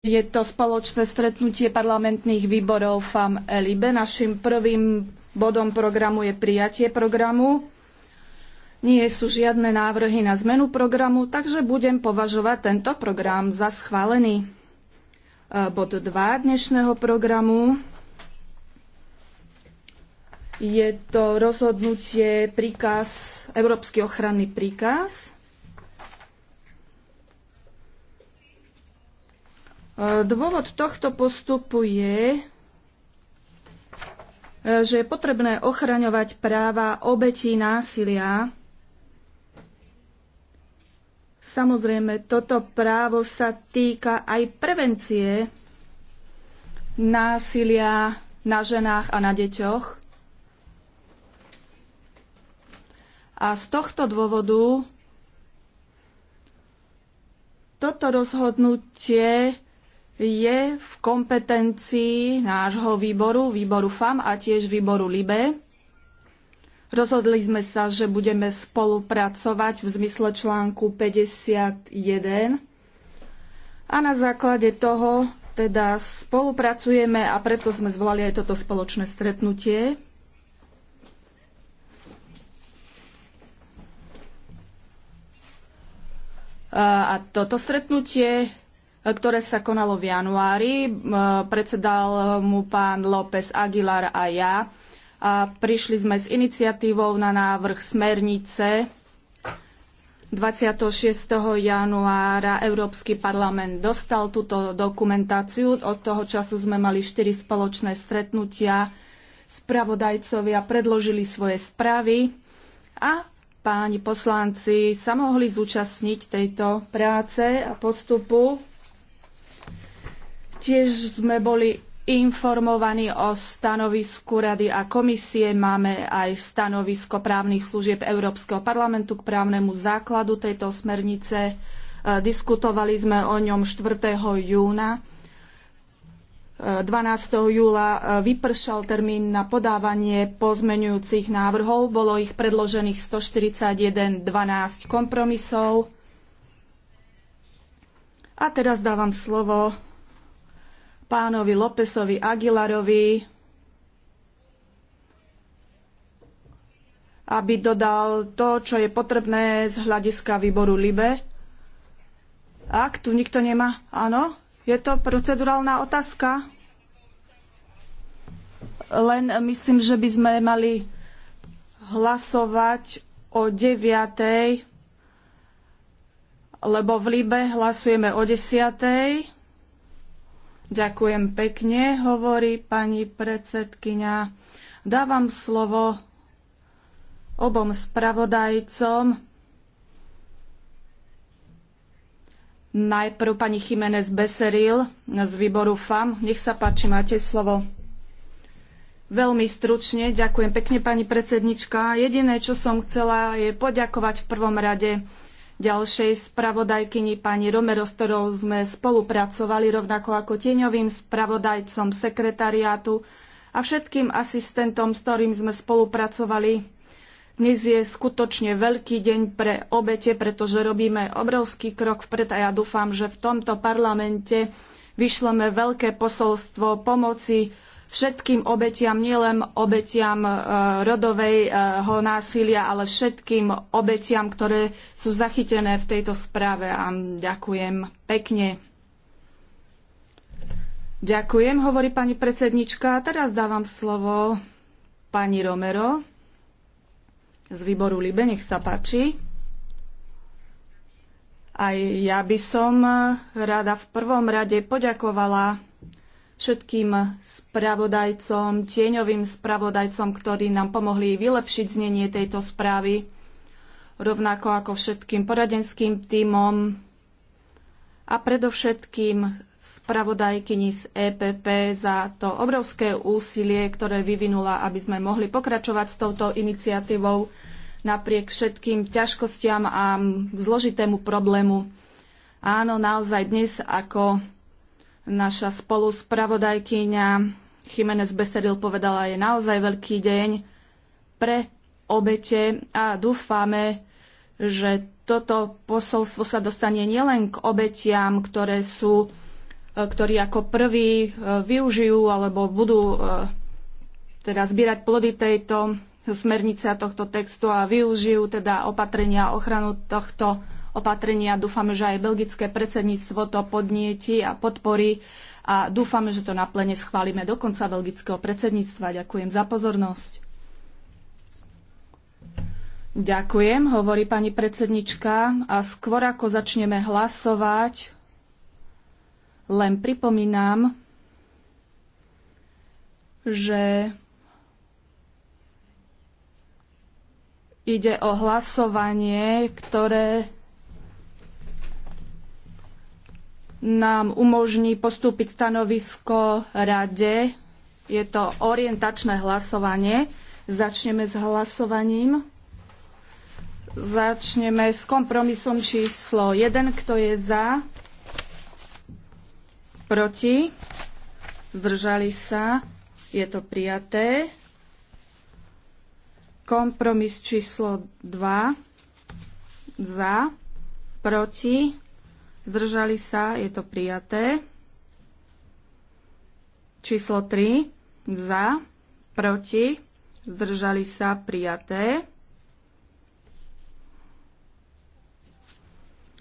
Je to spoločné stretnutie parlamentných výborov FAM ELIBE. Našim prvým bodom programu je prijatie programu. Nie sú žiadne návrhy na zmenu programu, takže budem považovať tento program za schválený. E, bod 2 dnešného programu je to rozhodnutie príkaz, Európsky ochranný príkaz Dôvod tohto postupu je, že je potrebné ochraňovať práva obetí násilia. Samozrejme, toto právo sa týka aj prevencie násilia na ženách a na deťoch. A z tohto dôvodu toto rozhodnutie je v kompetencii nášho výboru, výboru FAM a tiež výboru LIBE. Rozhodli sme sa, že budeme spolupracovať v zmysle článku 51 a na základe toho teda spolupracujeme a preto sme zvolali aj toto spoločné stretnutie. A toto stretnutie ktoré sa konalo v januári. Predsedal mu pán López Aguilar a ja. A prišli sme s iniciatívou na návrh smernice. 26. januára Európsky parlament dostal túto dokumentáciu. Od toho času sme mali 4 spoločné stretnutia. Spravodajcovia predložili svoje správy a páni poslanci sa mohli zúčastniť tejto práce a postupu Tiež sme boli informovaní o stanovisku Rady a komisie. Máme aj stanovisko právnych služieb Európskeho parlamentu k právnemu základu tejto smernice. E, diskutovali sme o ňom 4. júna. 12. E, júla e, vypršal termín na podávanie pozmenujúcich návrhov. Bolo ich predložených 141, 12 kompromisov. A teraz dávam slovo pánovi Lópezovi Aguilarovi, aby dodal to, čo je potrebné z hľadiska výboru LIBE. Ak tu nikto nemá, áno, je to procedurálna otázka. Len myslím, že by sme mali hlasovať o 9 lebo v Libe hlasujeme o 10. Ďakujem pekne, hovorí pani predsedkynia. Dávam slovo obom spravodajcom. Najprv pani Jiménez Beseril z výboru FAM. Nech sa páči, máte slovo. Veľmi stručne, ďakujem pekne pani predsednička. Jediné, čo som chcela, je poďakovať v prvom rade ďalšej spravodajkyni pani Romero, s ktorou sme spolupracovali rovnako ako tieňovým spravodajcom sekretariátu a všetkým asistentom, s ktorým sme spolupracovali. Dnes je skutočne veľký deň pre obete, pretože robíme obrovský krok vpred a ja dúfam, že v tomto parlamente vyšleme veľké posolstvo pomoci všetkým obetiam, nielen obetiam e, rodového násilia, ale všetkým obetiam, ktoré sú zachytené v tejto správe. A ďakujem pekne. Ďakujem, hovorí pani predsednička. Teraz dávam slovo pani Romero z výboru Libe. Nech sa páči. Aj ja by som rada v prvom rade poďakovala všetkým spravodajcom, tieňovým spravodajcom, ktorí nám pomohli vylepšiť znenie tejto správy, rovnako ako všetkým poradenským týmom a predovšetkým spravodajkyni z EPP za to obrovské úsilie, ktoré vyvinula, aby sme mohli pokračovať s touto iniciatívou napriek všetkým ťažkostiam a zložitému problému. Áno, naozaj dnes ako Naša spoluspravodajkyňa Jiménez Besedil povedala, je naozaj veľký deň pre obete a dúfame, že toto posolstvo sa dostane nielen k obetiam, ktoré sú, e, ktorí ako prví e, využijú alebo budú e, teda zbierať plody tejto smernice a tohto textu a využijú teda opatrenia ochranu tohto opatrenia. Dúfame, že aj belgické predsedníctvo to podnieti a podporí a dúfame, že to na plene schválime do konca belgického predsedníctva. Ďakujem za pozornosť. Ďakujem, hovorí pani predsednička. A skôr ako začneme hlasovať, len pripomínam, že ide o hlasovanie, ktoré nám umožní postúpiť stanovisko rade. Je to orientačné hlasovanie. Začneme s hlasovaním. Začneme s kompromisom číslo 1. Kto je za? Proti? Zdržali sa? Je to prijaté. Kompromis číslo 2. Za? Proti? zdržali sa, je to prijaté. Číslo 3, za, proti, zdržali sa, prijaté.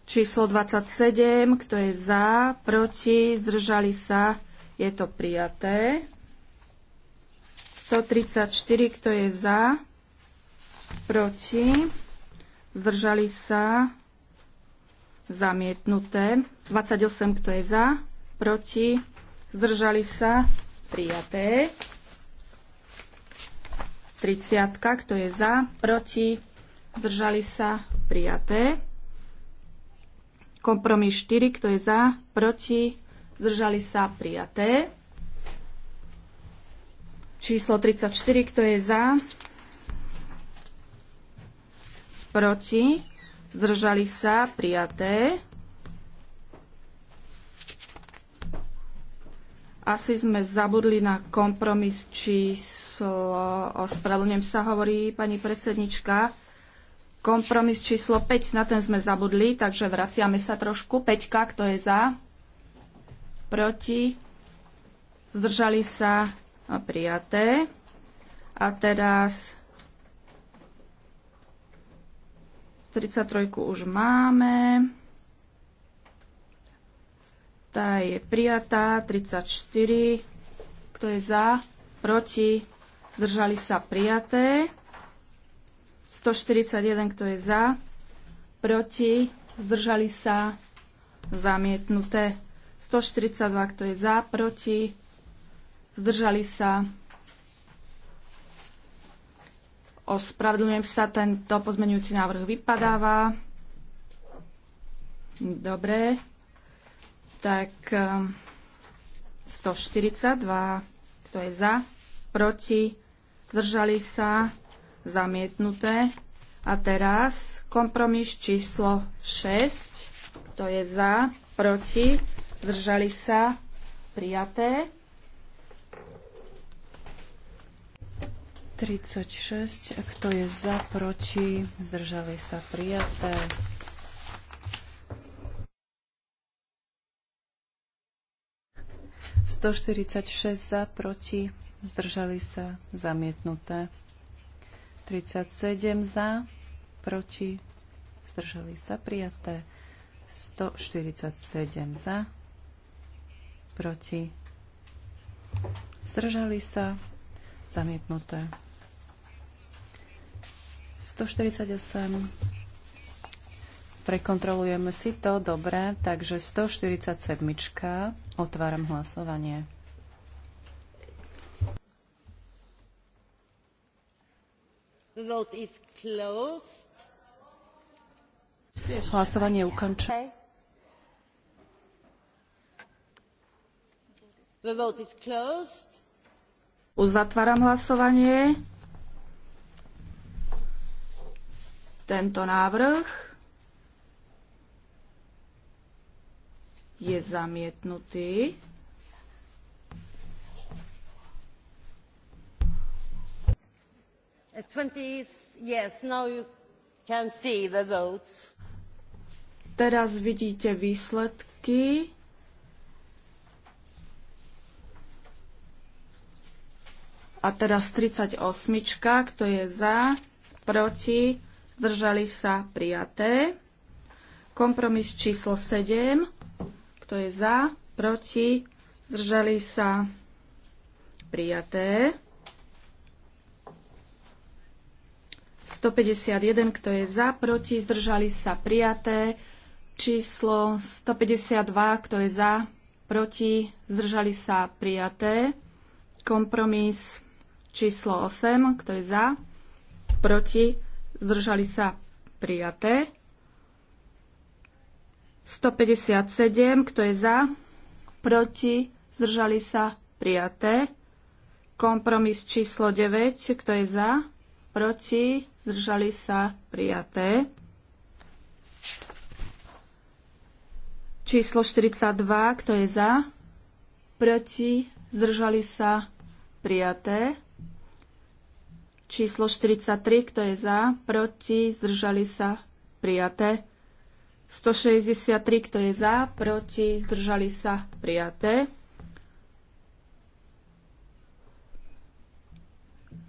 Číslo 27, kto je za, proti, zdržali sa, je to prijaté. 134, kto je za, proti, zdržali sa, zamietnuté. 28, kto je za, proti, zdržali sa, prijaté. 30, kto je za, proti, zdržali sa, prijaté. Kompromis 4, kto je za, proti, zdržali sa, prijaté. Číslo 34, kto je za, proti, zdržali sa, prijaté. Asi sme zabudli na kompromis číslo, ospravedlňujem sa, hovorí pani predsednička, kompromis číslo 5, na ten sme zabudli, takže vraciame sa trošku. Peťka, kto je za? Proti? Zdržali sa? Prijaté. A teraz 33 už máme. Tá je prijatá. 34. Kto je za? Proti? Zdržali sa prijaté. 141. Kto je za? Proti? Zdržali sa zamietnuté. 142. Kto je za? Proti? Zdržali sa Ospravedlňujem sa, tento pozmenujúci návrh vypadáva. Dobre. Tak 142. Ehm, Kto je za? Proti? Zdržali sa? Zamietnuté. A teraz kompromis číslo 6. Kto je za? Proti? Zdržali sa? Prijaté. 36. Kto je za, proti? Zdržali sa prijaté. 146 za, proti, zdržali sa, zamietnuté. 37 za, proti, zdržali sa, prijaté. 147 za, proti, zdržali sa, zamietnuté. 148. Prekontrolujeme si to. Dobre, takže 147. Otváram hlasovanie. vote is closed. Hlasovanie ukončené. The vote is closed. Uzatváram hlasovanie. Tento návrh je zamietnutý. Teraz vidíte výsledky. A teraz 38, kto je za, proti, zdržali sa prijaté. Kompromis číslo 7, kto je za, proti, zdržali sa prijaté. 151, kto je za, proti, zdržali sa prijaté. Číslo 152, kto je za, proti, zdržali sa prijaté. Kompromis číslo 8, kto je za, proti, zdržali sa prijaté. 157, kto je za, proti, zdržali sa prijaté. Kompromis číslo 9, kto je za, proti, zdržali sa prijaté. Číslo 42, kto je za, proti, zdržali sa prijaté. Číslo 43, kto je za, proti, zdržali sa, prijaté. 163, kto je za, proti, zdržali sa, prijaté.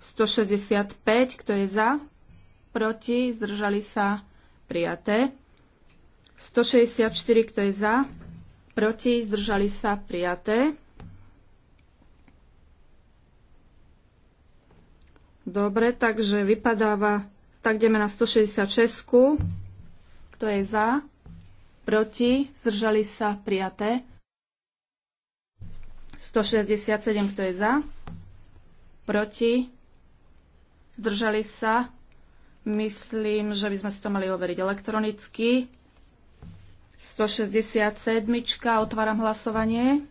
165, kto je za, proti, zdržali sa, prijaté. 164, kto je za, proti, zdržali sa, prijaté. Dobre, takže vypadáva, tak ideme na 166. Kto je za? Proti? Zdržali sa? Prijaté. 167, kto je za? Proti? Zdržali sa? Myslím, že by sme si to mali overiť elektronicky. 167. Otváram hlasovanie.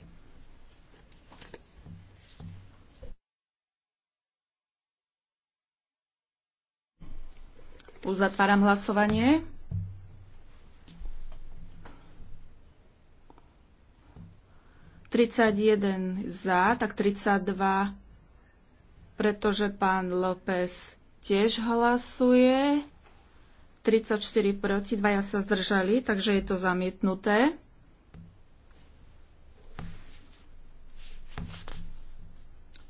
Uzatváram hlasovanie. 31 za, tak 32, pretože pán López tiež hlasuje. 34 proti, dvaja sa zdržali, takže je to zamietnuté.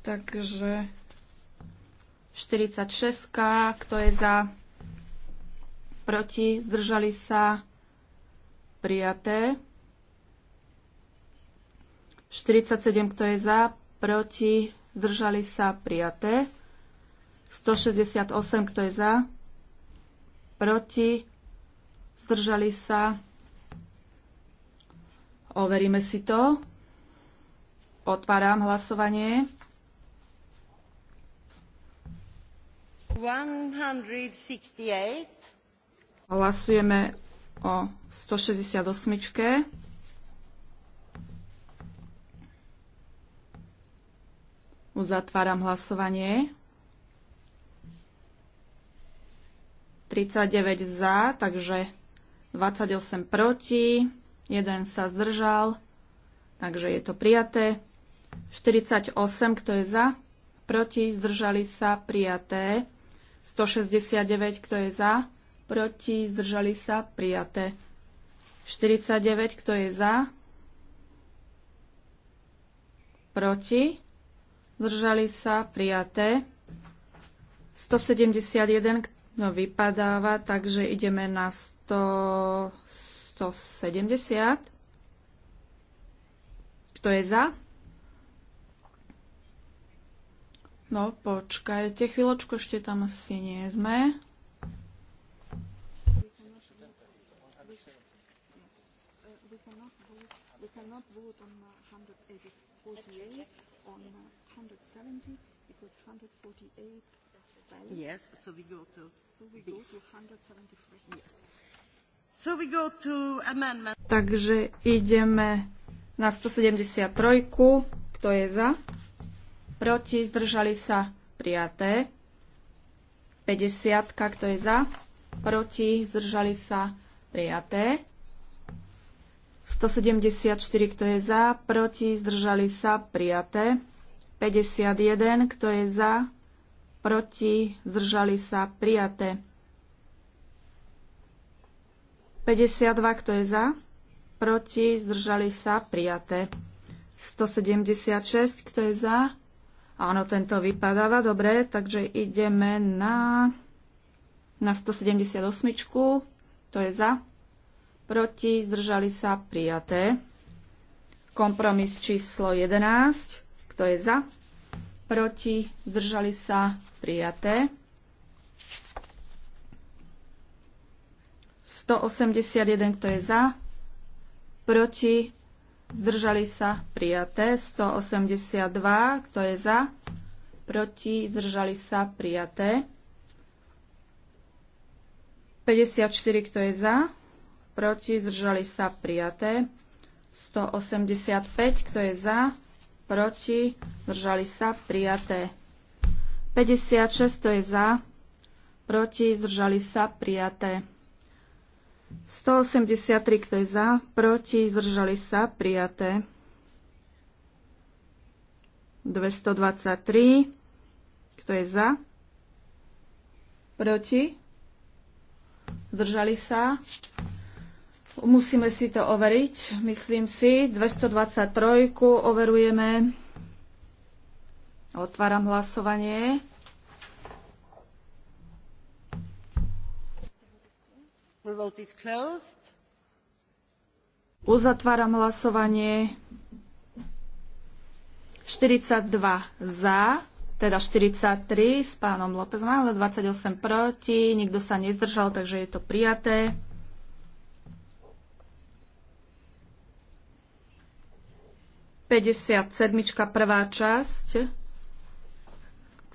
Takže 46, kto je za? proti, zdržali sa, prijaté. 47, kto je za, proti, zdržali sa, prijaté. 168, kto je za, proti, zdržali sa. Overíme si to. Otváram hlasovanie. 168. Hlasujeme o 168. Uzatváram hlasovanie. 39 za, takže 28 proti, 1 sa zdržal, takže je to prijaté. 48, kto je za, proti, zdržali sa, prijaté. 169, kto je za, proti, zdržali sa, prijaté. 49, kto je za, proti, zdržali sa, prijaté. 171, no vypadáva, takže ideme na 100, 170. Kto je za? No, počkajte chvíľočku, ešte tam asi nie sme. We cannot vote on uh, 148, on uh, 170, because 148 fell. Yes, so we go to So we this. go to 173. Yes. So we go to amendment. Takže ideme na 173. Kto je za? Proti? Zdržali sa? Prijaté. 50. Kto je za? Proti? Zdržali sa? Prijaté. 174, kto je za, proti, zdržali sa, prijaté. 51, kto je za, proti, zdržali sa, prijaté. 52, kto je za, proti, zdržali sa, prijaté. 176, kto je za, áno, tento vypadáva, dobre, takže ideme na, na 178, kto je za, proti, zdržali sa, prijaté. Kompromis číslo 11, kto je za, proti, zdržali sa, prijaté. 181, kto je za, proti, zdržali sa, prijaté. 182, kto je za, proti, zdržali sa, prijaté. 54, kto je za, proti, zdržali sa prijaté. 185, kto je za, proti, zdržali sa prijaté. 56, kto je za, proti, zdržali sa prijaté. 183, kto je za, proti, zdržali sa prijaté. 223, kto je za, proti, zdržali sa Musíme si to overiť, myslím si. 223 overujeme. Otváram hlasovanie. Uzatváram hlasovanie. 42 za, teda 43 s pánom Lópezom, ale 28 proti, nikto sa nezdržal, takže je to prijaté. 57. prvá časť.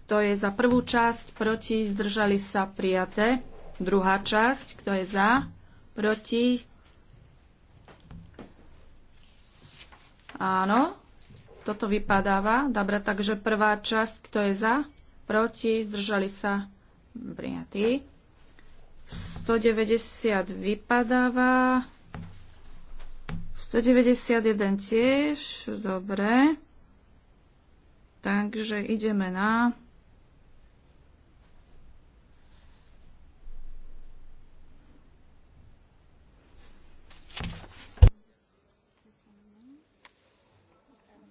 Kto je za prvú časť? Proti? Zdržali sa prijaté. Druhá časť. Kto je za? Proti? Áno. Toto vypadáva. Dobre, takže prvá časť. Kto je za? Proti? Zdržali sa prijatí. 190 vypadáva. 191 tiež, dobre. Takže ideme na... No,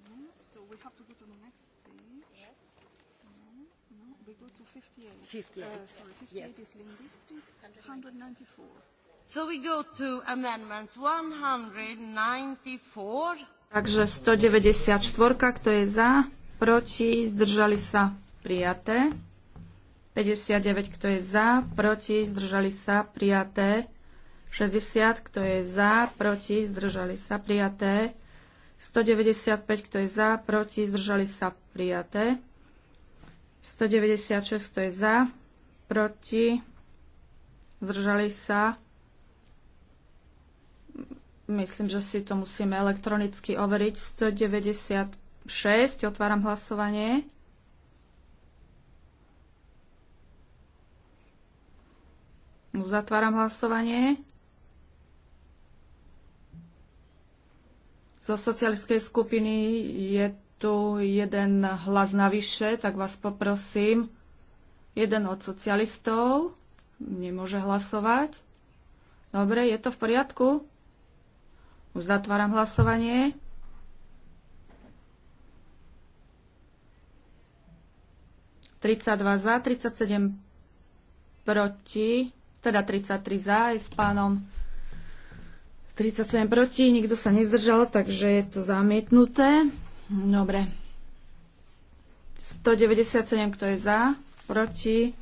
no, no. we go Uh, sorry, 58 yes. is linguistic, 194. So we go to amendments 194. Takže 194, kto je za, proti, zdržali sa, prijaté. 59, kto je za, proti, zdržali sa, prijaté. 60, kto je za, proti, zdržali sa, prijaté. 195, kto je za, proti, zdržali sa, prijaté. 196, kto je za, proti, zdržali sa, prijaté Myslím, že si to musíme elektronicky overiť. 196, otváram hlasovanie. Uzatváram hlasovanie. Zo socialistskej skupiny je tu jeden hlas navyše, tak vás poprosím. Jeden od socialistov nemôže hlasovať. Dobre, je to v poriadku? Uzatváram hlasovanie. Tridsaťdva za, 37 proti, teda 33 za aj s pánom 37 proti, nikto sa nezdržal, takže je to zamietnuté. Dobre. 197, kto je za, proti,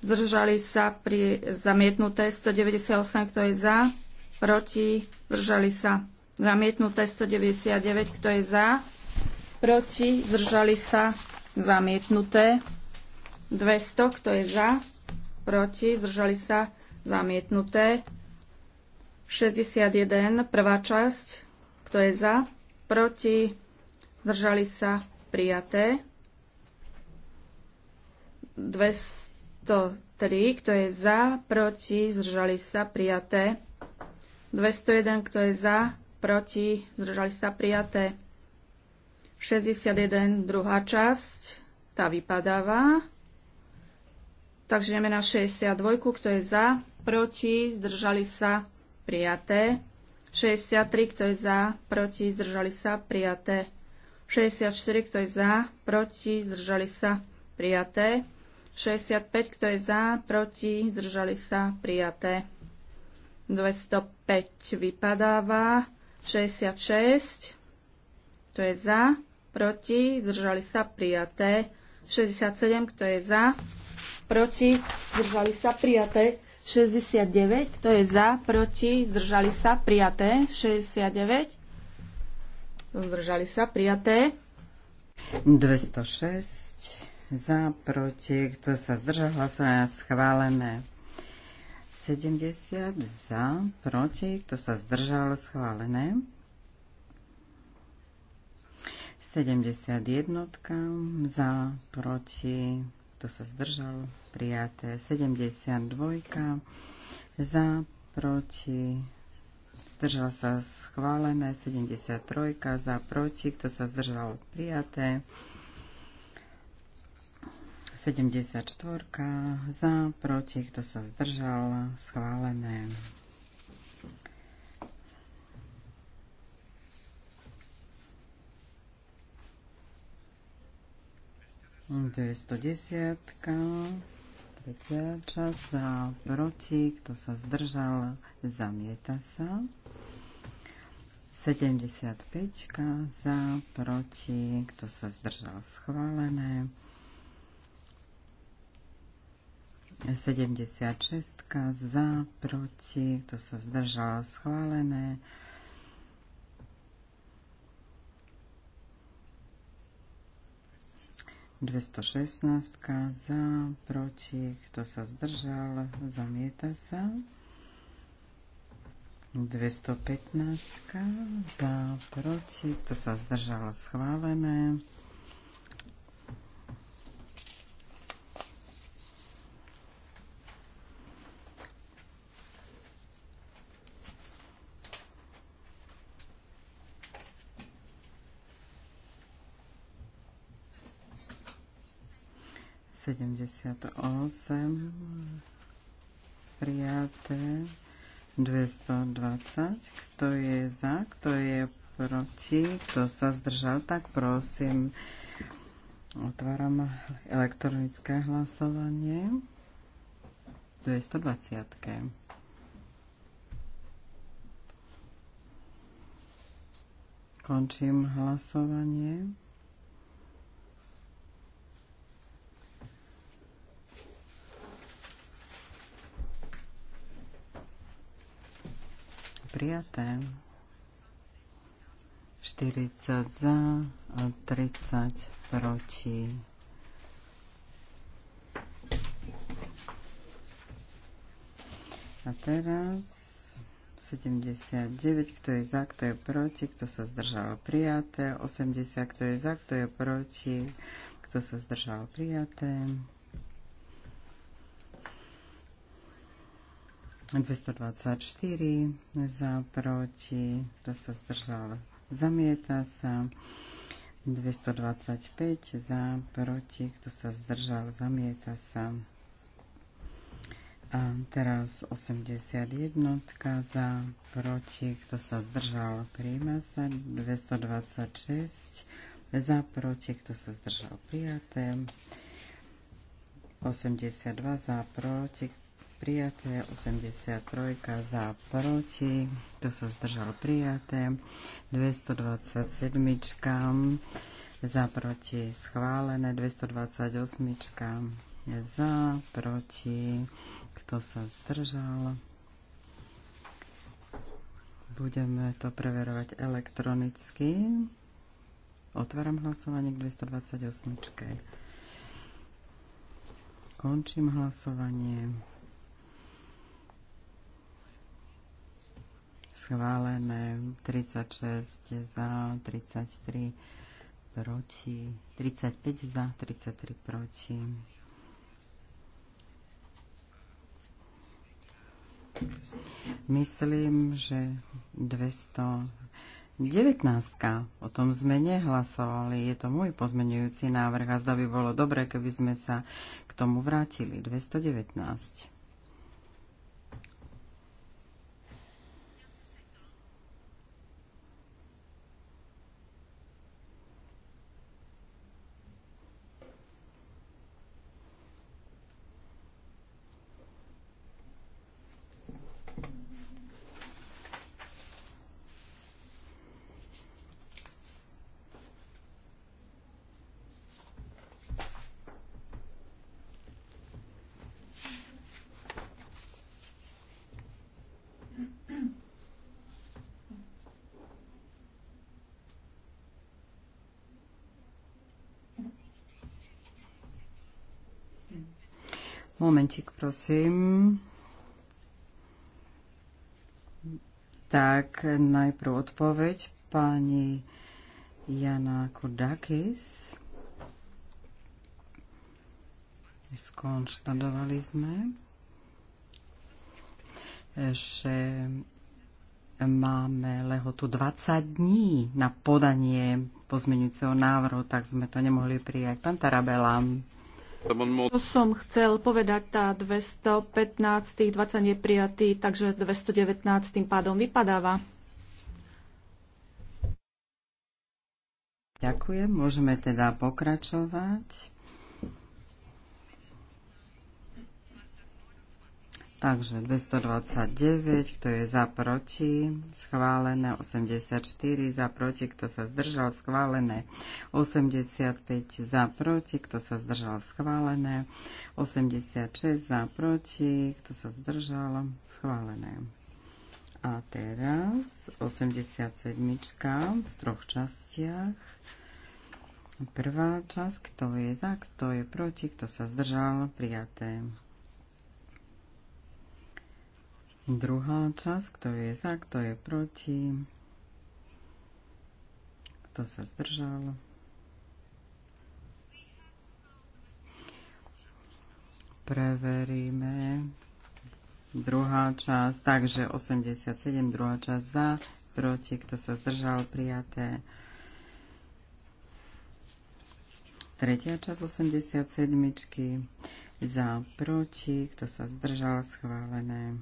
zdržali sa pri zamietnuté. 198, kto je za, proti, zdržali sa zamietnuté 199, kto je za, proti, zdržali sa zamietnuté 200, kto je za, proti, zdržali sa zamietnuté 61, prvá časť, kto je za, proti, zdržali sa prijaté 203, kto je za, proti, zdržali sa prijaté 201, kto je za, proti, zdržali sa prijaté. 61, druhá časť, tá vypadáva. Takže ideme na 62, kto je za, proti, zdržali sa prijaté. 63, kto je za, proti, zdržali sa prijaté. 64, kto je za, proti, zdržali sa prijaté. 65, kto je za, proti, zdržali sa prijaté. 205 vypadáva. 66. to je za? Proti? Zdržali sa prijaté. 67. Kto je za? Proti? Zdržali sa prijaté. 69. Kto je za? Proti? Zdržali sa prijaté. 69. Zdržali sa prijaté. 206. Za, proti, kto sa zdržal hlasovania, schválené. 70 za, proti, kto sa zdržal, schválené. 71 za, proti, kto sa zdržal, prijaté. 72 za, proti, zdržal sa schválené. 73 za, proti, kto sa zdržal, prijaté. 74 za, proti, kto sa zdržal, schválené. Dvesto desiatka, tretia časť za, proti, kto sa zdržal, zamieta sa. 75 za, proti, kto sa zdržal, schválené. 76 za, proti, kto sa zdržal, schválené. Dvesto šestnáctka za, proti, kto sa zdržal, zamieta sa. 215 za, proti, kto sa zdržal, schválené. 78 prijaté 220. Kto je za, kto je proti, kto sa zdržal, tak prosím. Otváram elektronické hlasovanie 220. Končím hlasovanie. prijaté. 40 za, 30 proti. A teraz 79, kto je za, kto je proti, kto sa zdržal prijaté, 80, kto je za, kto je proti, kto sa zdržal prijaté. 224 za, proti, kto sa zdržal, zamieta sa. 225 za, proti, kto sa zdržal, zamieta sa. A teraz 81 za, proti, kto sa zdržal, prijíma sa. 226 za, proti, kto sa zdržal, prijaté. 82 za, proti, prijaté, 83 za proti, to sa zdržal prijaté, 227 za proti schválené, 228 za proti, kto sa zdržal. Budeme to preverovať elektronicky. Otváram hlasovanie k 228. Končím hlasovanie. schválené 36 za, 33 proti, 35 za, 33 proti. Myslím, že 219. O tom sme nehlasovali. Je to môj pozmenujúci návrh a zda by bolo dobre, keby sme sa k tomu vrátili. 219. prosím. Tak, najprv odpoveď pani Jana Kodakis. Skonštadovali sme, že máme lehotu 20 dní na podanie pozmeňujúceho návrhu, tak sme to nemohli prijať. Pán Tarabela. To som chcel povedať, tá 215, tých 20 neprijatí, takže 219 tým pádom vypadáva. Ďakujem, môžeme teda pokračovať. Takže 229, kto je za, proti, schválené. 84 za, proti, kto sa zdržal, schválené. 85 za, proti, kto sa zdržal, schválené. 86 za, proti, kto sa zdržal, schválené. A teraz 87 v troch častiach. Prvá časť, kto je za, kto je proti, kto sa zdržal, prijaté. Druhá časť, kto je za, kto je proti, kto sa zdržal. Preveríme. Druhá časť, takže 87, druhá časť za, proti, kto sa zdržal, prijaté. Tretia časť 87. Za, proti, kto sa zdržal, schválené.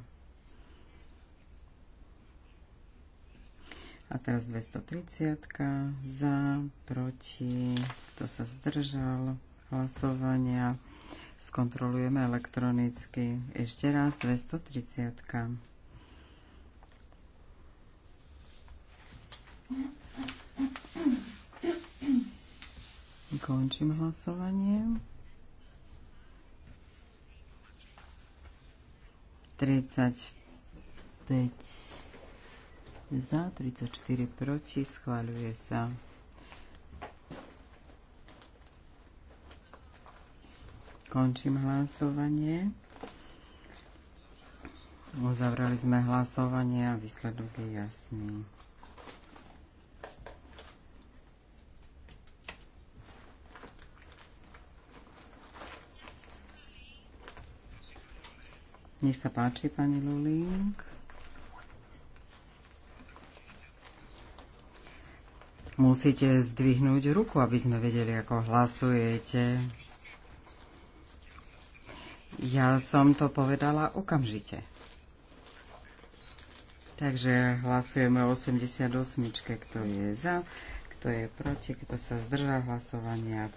A teraz 230 za, proti, kto sa zdržal hlasovania. Skontrolujeme elektronicky. Ešte raz 230. Končím hlasovanie. 35 za, 34 proti, schváľuje sa. Končím hlasovanie. Uzavrali sme hlasovanie a výsledok je jasný. Nech sa páči, pani Lulík. Musíte zdvihnúť ruku, aby sme vedeli, ako hlasujete. Ja som to povedala okamžite. Takže hlasujeme o 88, kto je za, kto je proti, kto sa zdržal hlasovania.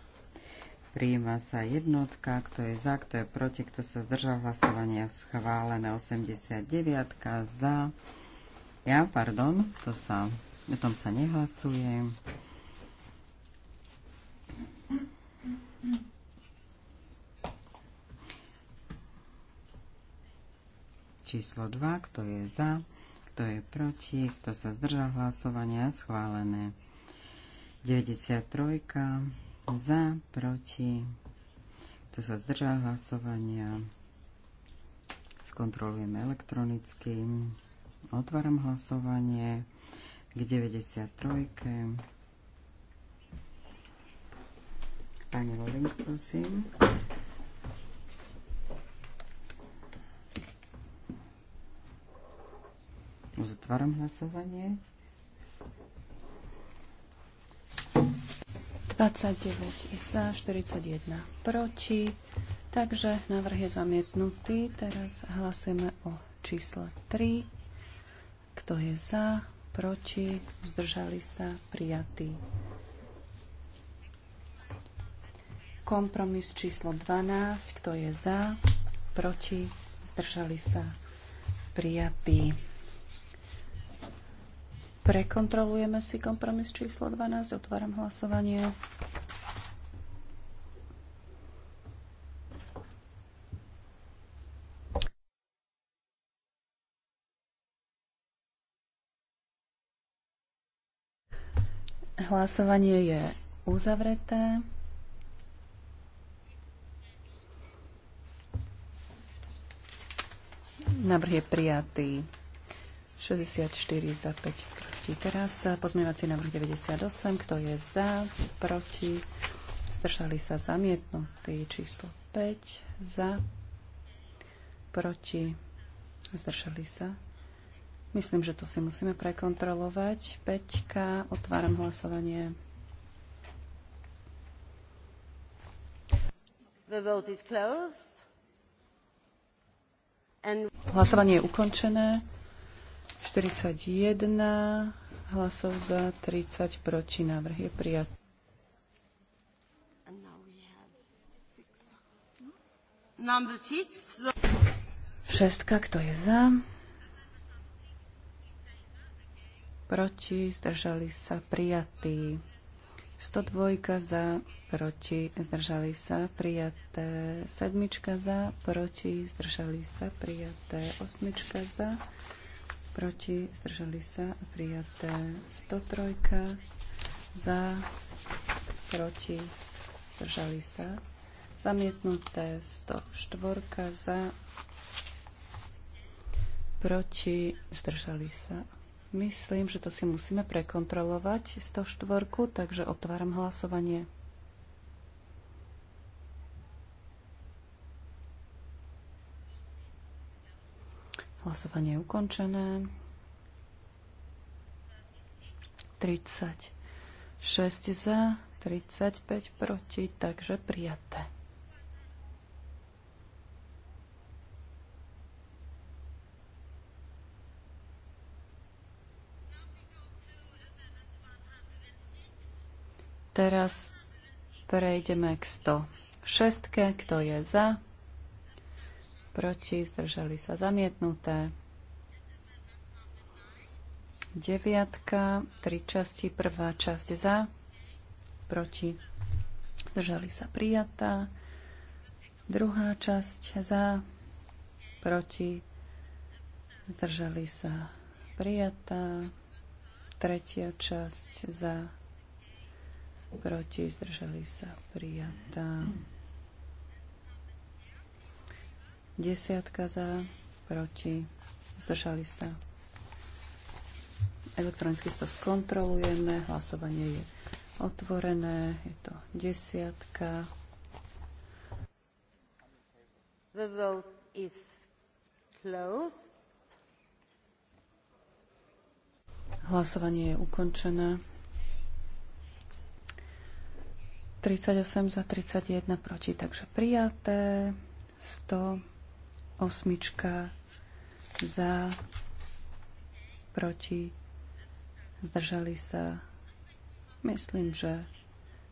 Príjima sa jednotka, kto je za, kto je proti, kto sa zdržal hlasovania. Schválené 89 za. Ja, pardon, to sa O tom sa nehlasuje. Číslo 2. Kto je za? Kto je proti? Kto sa zdržal hlasovania? Schválené. 93. Za, proti. Kto sa zdržal hlasovania? Skontrolujeme elektronicky. Otváram hlasovanie k 93. Pani Loring, prosím. Uzatváram hlasovanie. 29 za, 41 proti. Takže návrh je zamietnutý. Teraz hlasujeme o čísle 3. Kto je za? proti, zdržali sa, prijatý. Kompromis číslo 12, kto je za, proti, zdržali sa, prijatý. Prekontrolujeme si kompromis číslo 12, otváram hlasovanie. Hlasovanie je uzavreté. Návrh je prijatý. 64 za 5 proti. Teraz pozmievací návrh 98. Kto je za, proti? Zdržali sa zamietnutý Číslo 5 za, proti. Zdržali sa Myslím, že to si musíme prekontrolovať. Peťka, otváram hlasovanie. The vote is closed. And... Hlasovanie je ukončené. 41 hlasov za, 30 proti. Návrh je prijatý. Šestka, kto je za? proti, zdržali sa prijatí. 102 za, proti, zdržali sa prijaté. Sedmička za, proti, zdržali sa prijaté. Osmička za, proti, zdržali sa prijaté. 103 za, proti, zdržali sa. Zamietnuté 104 za, proti, zdržali sa Myslím, že to si musíme prekontrolovať 104, takže otváram hlasovanie. Hlasovanie je ukončené. 36 za, 35 proti, takže prijaté. Teraz prejdeme k 106. Kto je za? Proti? Zdržali sa zamietnuté. Deviatka, tri časti, prvá časť za, proti, zdržali sa prijatá, druhá časť za, proti, zdržali sa prijatá, tretia časť za, proti, zdržali sa, prijatá. Desiatka za, proti, zdržali sa. Elektronicky to skontrolujeme, hlasovanie je otvorené, je to desiatka. The vote is closed. Hlasovanie je ukončené. 38 za 31 proti, takže prijaté. 108 za proti. Zdržali sa. Myslím, že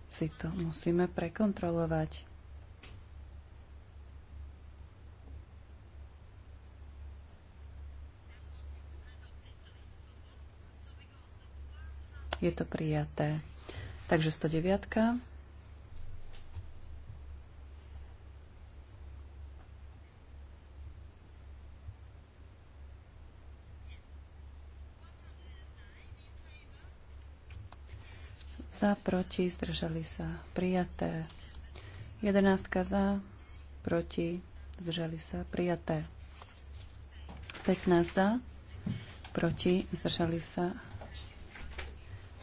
si to musíme prekontrolovať. Je to prijaté. Takže 109. za, proti, zdržali sa, prijaté. Jedenáctka za, proti, zdržali sa, prijaté. 15 za, proti, zdržali sa.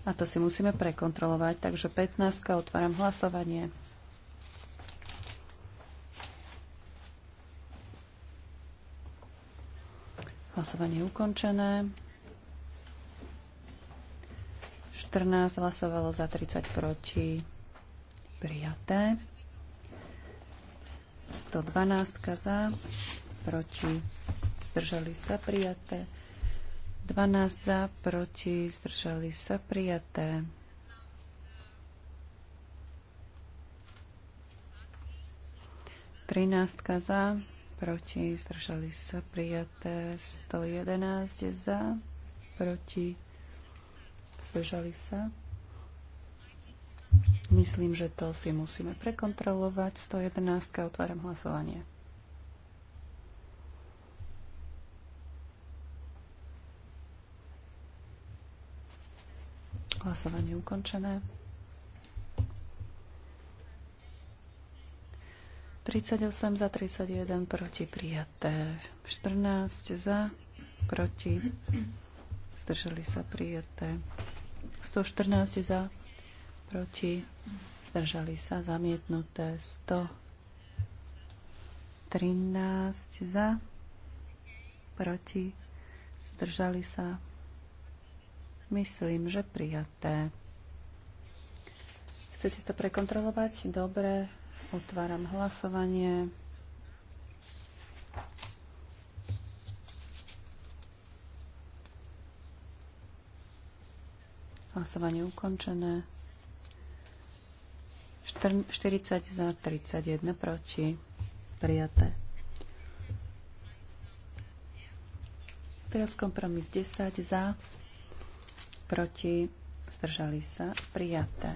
A to si musíme prekontrolovať, takže 15 otváram hlasovanie. Hlasovanie je ukončené. 14 hlasovalo za 30 proti. Prijaté. 112 za, proti, zdržali sa prijaté. 12 za, proti, zdržali sa prijaté. Trináctka za, proti, zdržali sa prijaté. 111 za, proti, Zdržali sa? Myslím, že to si musíme prekontrolovať. 111. Otváram hlasovanie. Hlasovanie ukončené. 38 za 31 proti prijaté. 14 za proti zdržali sa prijaté. 114 za, proti, zdržali sa zamietnuté. 113 za, proti, zdržali sa. Myslím, že prijaté. Chcete to prekontrolovať? Dobre, otváram hlasovanie. Hlasovanie ukončené. 40 za, 31 proti. Prijaté. Teraz kompromis 10 za, proti, zdržali sa, prijaté.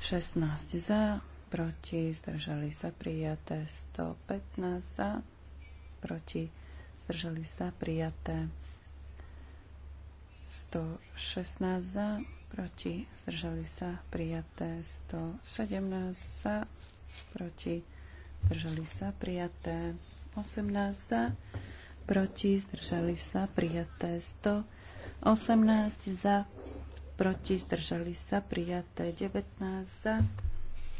16 za, proti, zdržali sa, prijaté. 115 za, proti, zdržali sa, prijaté. 116 za, proti, zdržali sa, prijaté 117 za, proti, zdržali sa, prijaté 18 za, proti, zdržali sa, prijaté 118 za, proti, zdržali sa, prijaté 19 za,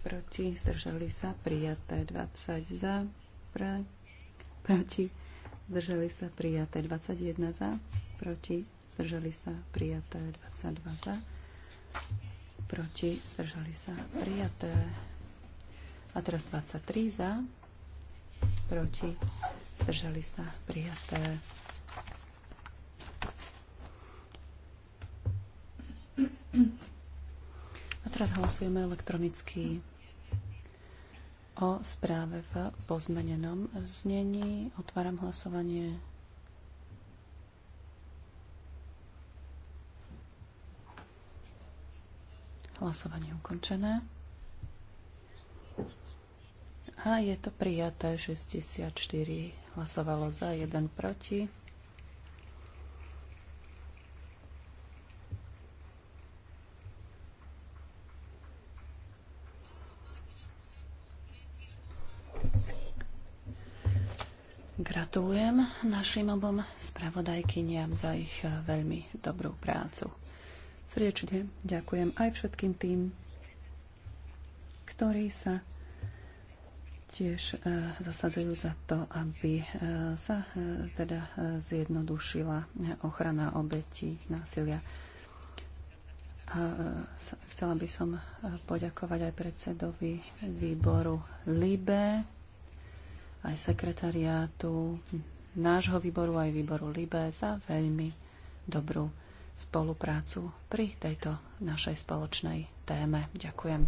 proti, zdržali sa, prijaté 20 za, pre, proti, zdržali sa, prijaté 21 za, proti, zdržali sa prijaté 22 za, proti zdržali sa prijaté a teraz 23 za, proti zdržali sa prijaté A teraz hlasujeme elektronicky o správe v pozmenenom znení. Otváram hlasovanie. Hlasovanie ukončené. A je to prijaté 64 hlasovalo za, 1 proti. Gratulujem našim obom spravodajkyniam za ich eh, veľmi dobrú prácu. Srdečne ďakujem aj všetkým tým, ktorí sa tiež e, zasadzujú za to, aby e, sa e, teda zjednodušila ochrana obetí násilia. A chcela by som poďakovať aj predsedovi výboru LIBE, aj sekretariátu nášho výboru, aj výboru LIBE za veľmi dobrú spoluprácu pri tejto našej spoločnej téme. Ďakujem.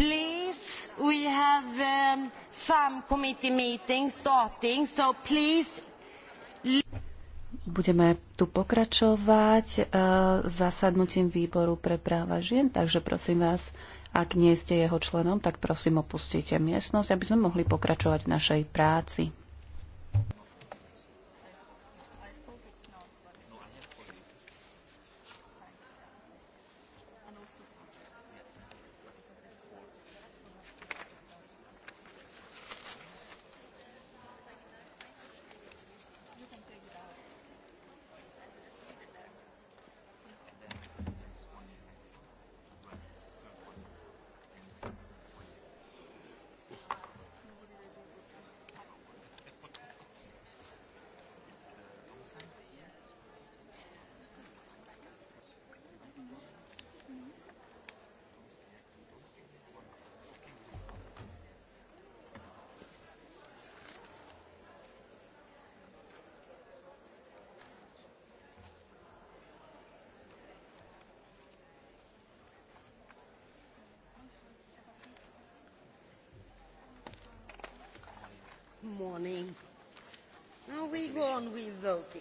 Please, we have um, FAM committee meeting starting, so please... Budeme tu pokračovať uh, zasadnutím výboru pre práva žien, takže prosím vás, ak nie ste jeho členom, tak prosím opustite miestnosť, aby sme mohli pokračovať v našej práci. voting.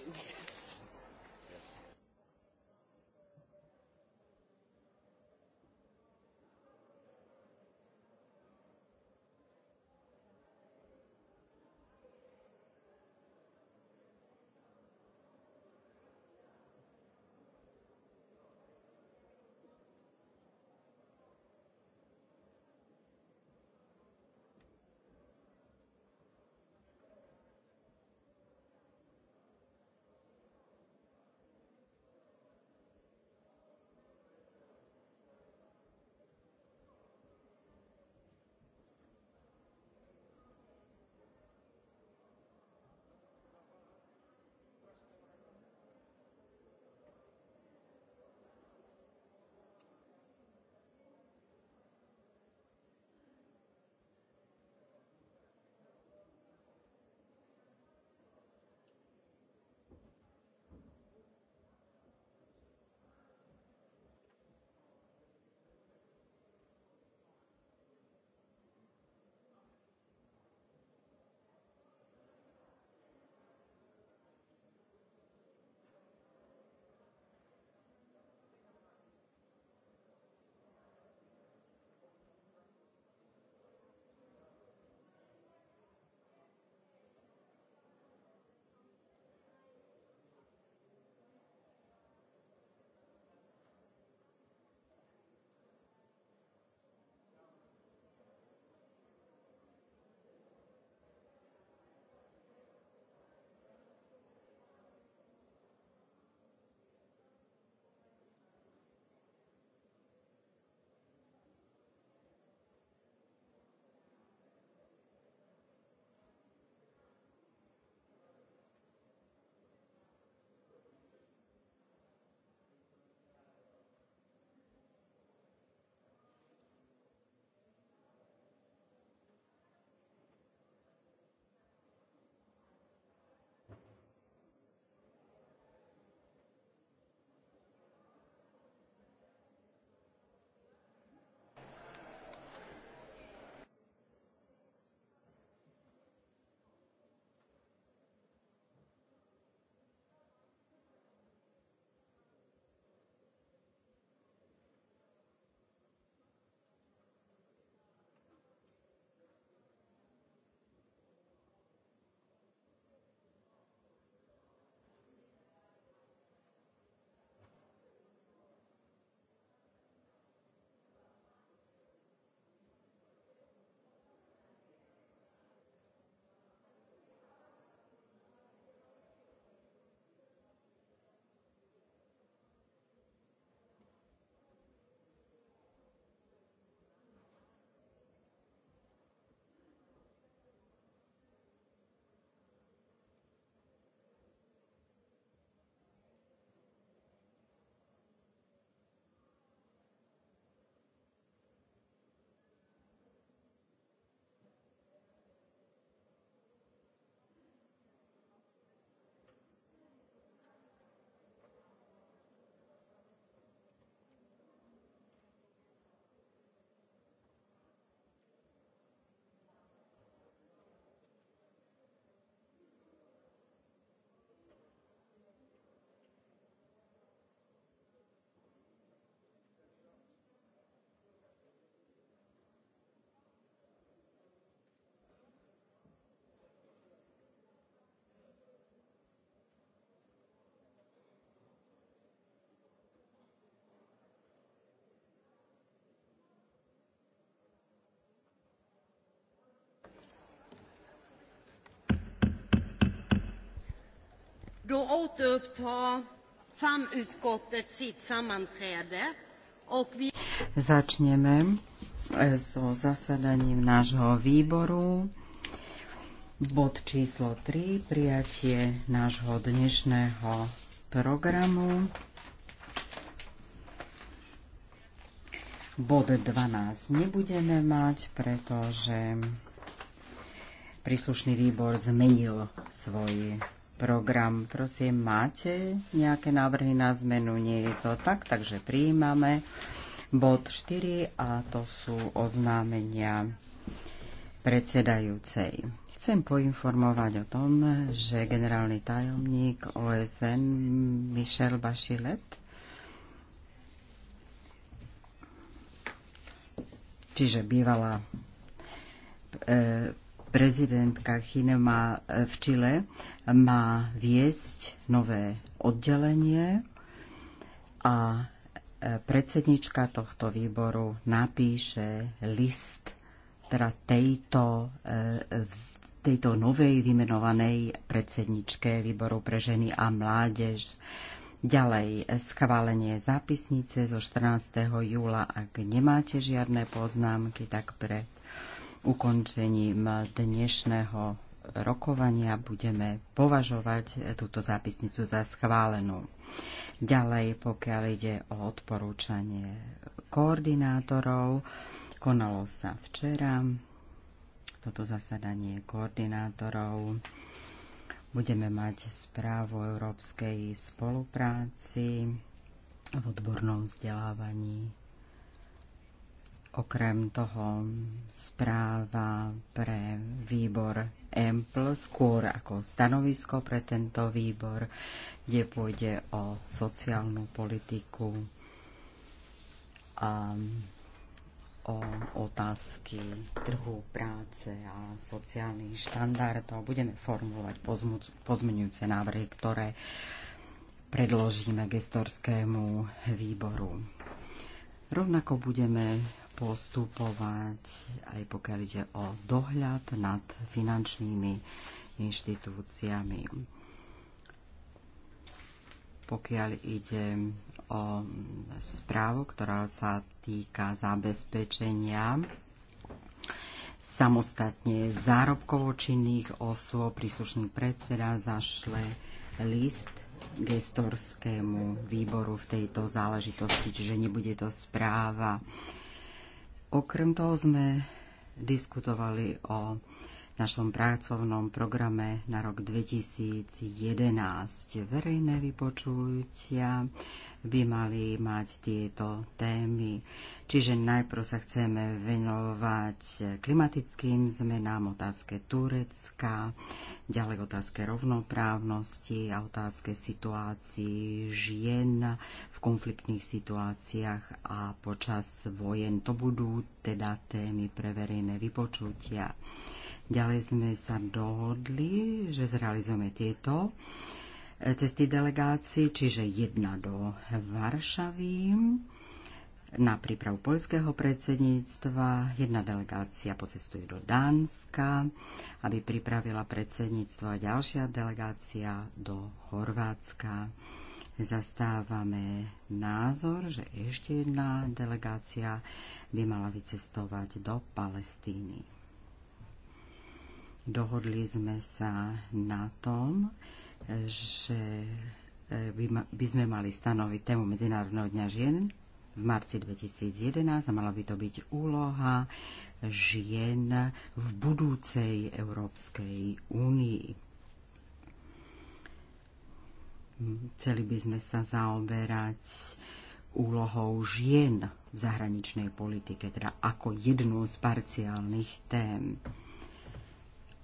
Då återupptar samutskottet sitt sammanträde. Vi... Začneme e, so zasadaním nášho výboru. Bod číslo 3, prijatie nášho dnešného programu. Bod 12 nebudeme mať, pretože príslušný výbor zmenil svoj program. Prosím, máte nejaké návrhy na zmenu? Nie je to tak, takže prijímame bod 4 a to sú oznámenia predsedajúcej. Chcem poinformovať o tom, že generálny tajomník OSN Michel Bachelet čiže bývalá e, Prezidentka Chinema eh, v Čile má viesť nové oddelenie a eh, predsednička tohto výboru napíše list teda tejto, eh, tejto novej vymenovanej predsedničke výboru pre ženy a mládež. Ďalej schválenie zápisnice zo 14. júla. Ak nemáte žiadne poznámky, tak pre ukončením dnešného rokovania budeme považovať túto zápisnicu za schválenú. Ďalej, pokiaľ ide o odporúčanie koordinátorov, konalo sa včera toto zasadanie koordinátorov. Budeme mať správu o európskej spolupráci v odbornom vzdelávaní Okrem toho správa pre výbor EMPL, skôr ako stanovisko pre tento výbor, kde pôjde o sociálnu politiku a o otázky trhu práce a sociálnych štandardov. Budeme formulovať pozmeňujúce návrhy, ktoré predložíme gestorskému výboru. Rovnako budeme postupovať, aj pokiaľ ide o dohľad nad finančnými inštitúciami. Pokiaľ ide o správu, ktorá sa týka zabezpečenia samostatne zárobkovo činných osôb, príslušný predseda zašle list gestorskému výboru v tejto záležitosti, čiže nebude to správa Okrem toho sme diskutovali o našom pracovnom programe na rok 2011. Verejné vypočutia by mali mať tieto témy. Čiže najprv sa chceme venovať klimatickým zmenám, otázke Turecka, ďalej otázke rovnoprávnosti a otázke situácií žien v konfliktných situáciách a počas vojen. To budú teda témy pre verejné vypočutia. Ďalej sme sa dohodli, že zrealizujeme tieto e, cesty delegácií, čiže jedna do Varšavy na prípravu poľského predsedníctva, jedna delegácia pocestuje do Dánska, aby pripravila predsedníctvo a ďalšia delegácia do Chorvátska. Zastávame názor, že ešte jedna delegácia by mala vycestovať do Palestíny. Dohodli sme sa na tom, že e, by, ma, by sme mali stanoviť tému Medzinárodného dňa žien v marci 2011 a mala by to byť úloha žien v budúcej Európskej únii. Chceli by sme sa zaoberať úlohou žien v zahraničnej politike, teda ako jednu z parciálnych tém.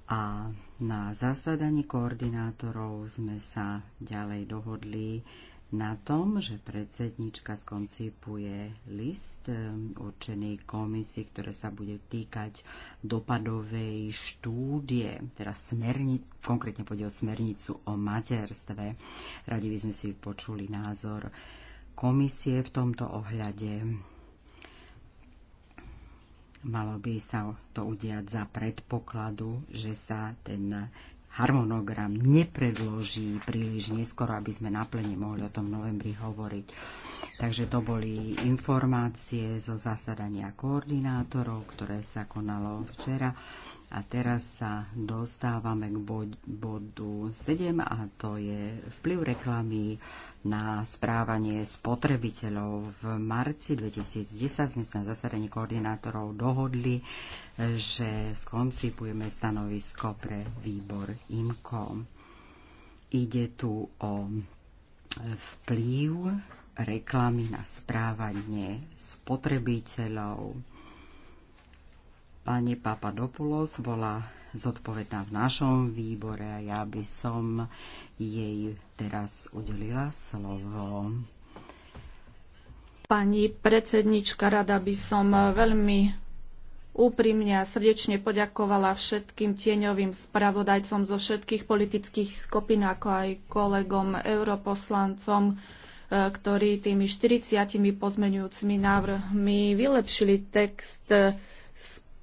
A na zasadaní koordinátorov sme sa ďalej dohodli na tom, že predsednička skoncipuje list um, určený komisii, ktoré sa bude týkať dopadovej štúdie, teda smernic, konkrétne pôjde o smernicu o materstve. Radi by sme si počuli názor komisie v tomto ohľade Malo by sa to udiať za predpokladu, že sa ten harmonogram nepredloží príliš neskoro, aby sme na plene mohli o tom novembri hovoriť. Takže to boli informácie zo zasadania koordinátorov, ktoré sa konalo včera. A teraz sa dostávame k bodu 7 a to je vplyv reklamy na správanie spotrebiteľov. V marci 2010 sme sa na zasadení koordinátorov dohodli, že skoncipujeme stanovisko pre výbor IMCO. Ide tu o vplyv reklamy na správanie spotrebiteľov. Pani Papadopoulos bola zodpovedná v našom výbore a ja by som jej teraz udelila slovo. Pani predsednička, rada by som veľmi úprimne a srdečne poďakovala všetkým tieňovým spravodajcom zo všetkých politických skupín, ako aj kolegom europoslancom, e, ktorí tými 40 pozmenujúcimi návrhmi vylepšili text e,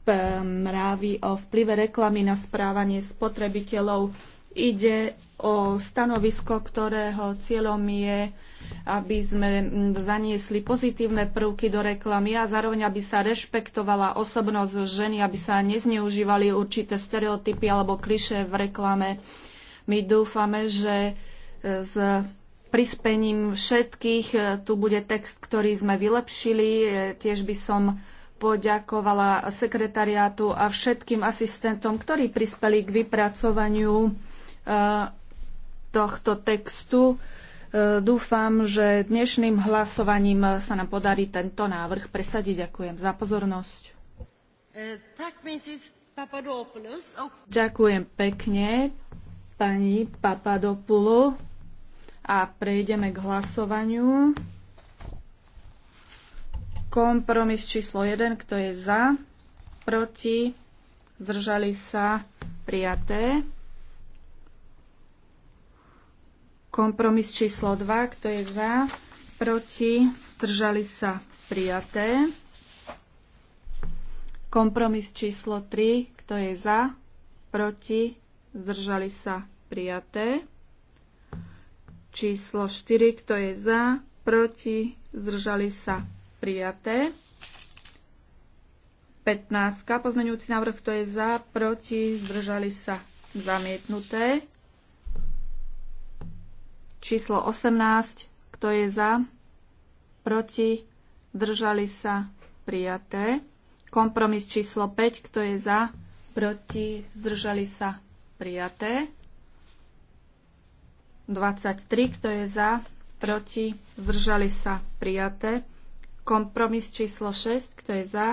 správy o vplyve reklamy na správanie spotrebiteľov. Ide o stanovisko, ktorého cieľom je, aby sme zaniesli pozitívne prvky do reklamy a zároveň, aby sa rešpektovala osobnosť ženy, aby sa nezneužívali určité stereotypy alebo kliše v reklame. My dúfame, že e, s prispením všetkých e, tu bude text, ktorý sme vylepšili. E, tiež by som poďakovala sekretariátu a všetkým asistentom, ktorí prispeli k vypracovaniu e, tohto textu. E, dúfam, že dnešným hlasovaním sa nám podarí tento návrh presadiť. Ďakujem za pozornosť. E, Ďakujem pekne, pani Papadopulu A prejdeme k hlasovaniu. Kompromis číslo 1, kto je za, proti, zdržali sa, prijaté. Kompromis číslo 2, kto je za, proti, zdržali sa, prijaté. Kompromis číslo 3, kto je za, proti, zdržali sa, prijaté. Číslo 4, kto je za, proti, zdržali sa, prijaté. 15. Pozmeňujúci návrh, kto je za, proti, zdržali sa zamietnuté. Číslo 18. Kto je za, proti, zdržali sa prijaté. Kompromis číslo 5. Kto je za, proti, zdržali sa prijaté. 23. Kto je za, proti, zdržali sa prijaté. Kompromis číslo 6, kto je za,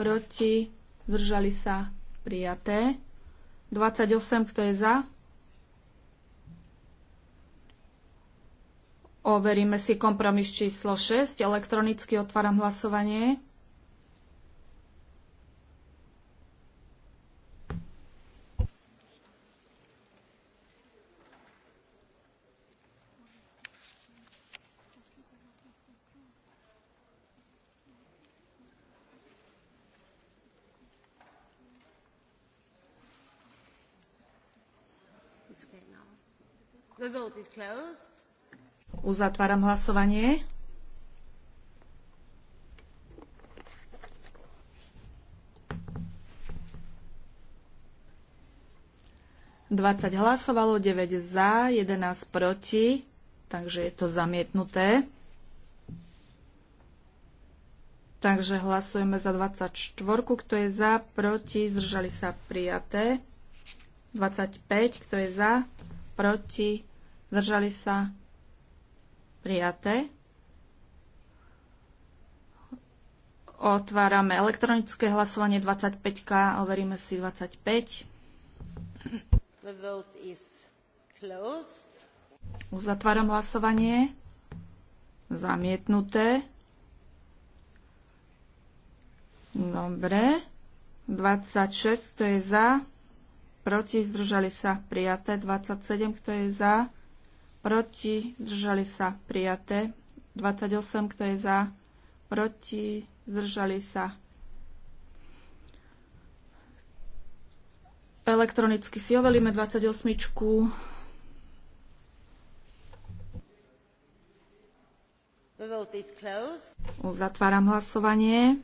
proti, zdržali sa, prijaté. 28, kto je za. Overíme si kompromis číslo 6. Elektronicky otváram hlasovanie. Uzatváram hlasovanie. Dvadsať hlasovalo, 9 za, 11 proti, takže je to zamietnuté. Takže hlasujeme za 24, kto je za, proti, zdržali sa prijaté. 25, kto je za, proti, Zdržali sa? Prijaté. Otvárame elektronické hlasovanie 25K. Overíme si 25. The vote is closed. Uzatváram hlasovanie. Zamietnuté. Dobre. 26, kto je za? Proti, zdržali sa prijaté. 27, kto je za? proti, zdržali sa prijaté. 28, kto je za, proti, zdržali sa. Elektronicky si overíme 28. Uzatváram hlasovanie.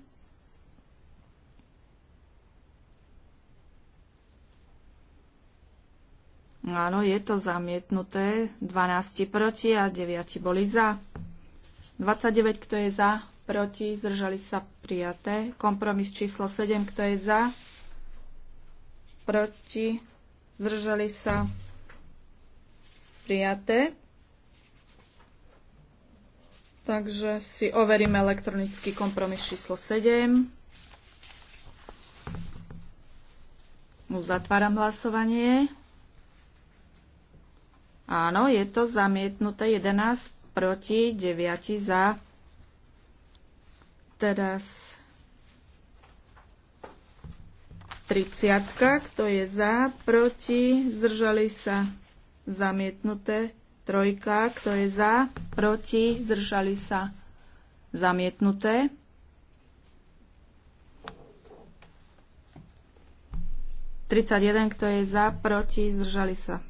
Áno, je to zamietnuté. 12 proti a 9 boli za. 29, kto je za, proti, zdržali sa prijaté. Kompromis číslo 7, kto je za, proti, zdržali sa prijaté. Takže si overíme elektronický kompromis číslo 7. Uzatváram hlasovanie. Áno, je to zamietnuté 11 proti 9 za. Teraz 30, kto je za, proti, zdržali sa zamietnuté. Trojka, kto je za, proti, zdržali sa zamietnuté. Tridsať jeden, kto je za, proti, zdržali sa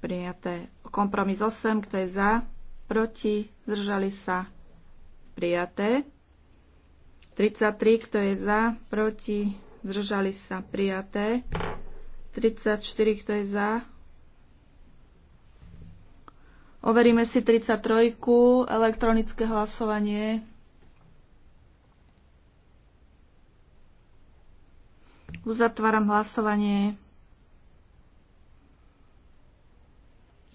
prijaté. Kompromis 8, kto je za, proti, zdržali sa, prijaté. 33, kto je za, proti, zdržali sa, prijaté. 34, kto je za. Overíme si 33, elektronické hlasovanie. Uzatváram hlasovanie.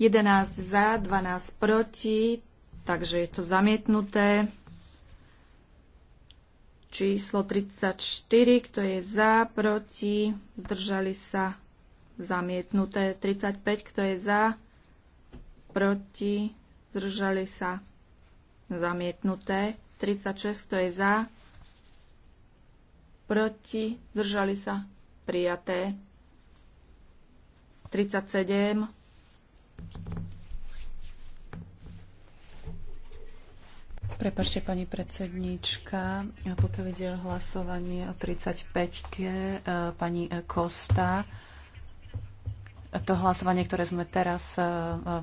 11 za, 12 proti, takže je to zamietnuté. Číslo 34, kto je za, proti, zdržali sa, zamietnuté. 35, kto je za, proti, zdržali sa, zamietnuté. 36, kto je za, proti, zdržali sa, prijaté. 37, Prepašte, pani predsednička, pokiaľ ide o hlasovanie o 35-ke, e, pani Kosta, to hlasovanie, ktoré sme teraz e, e,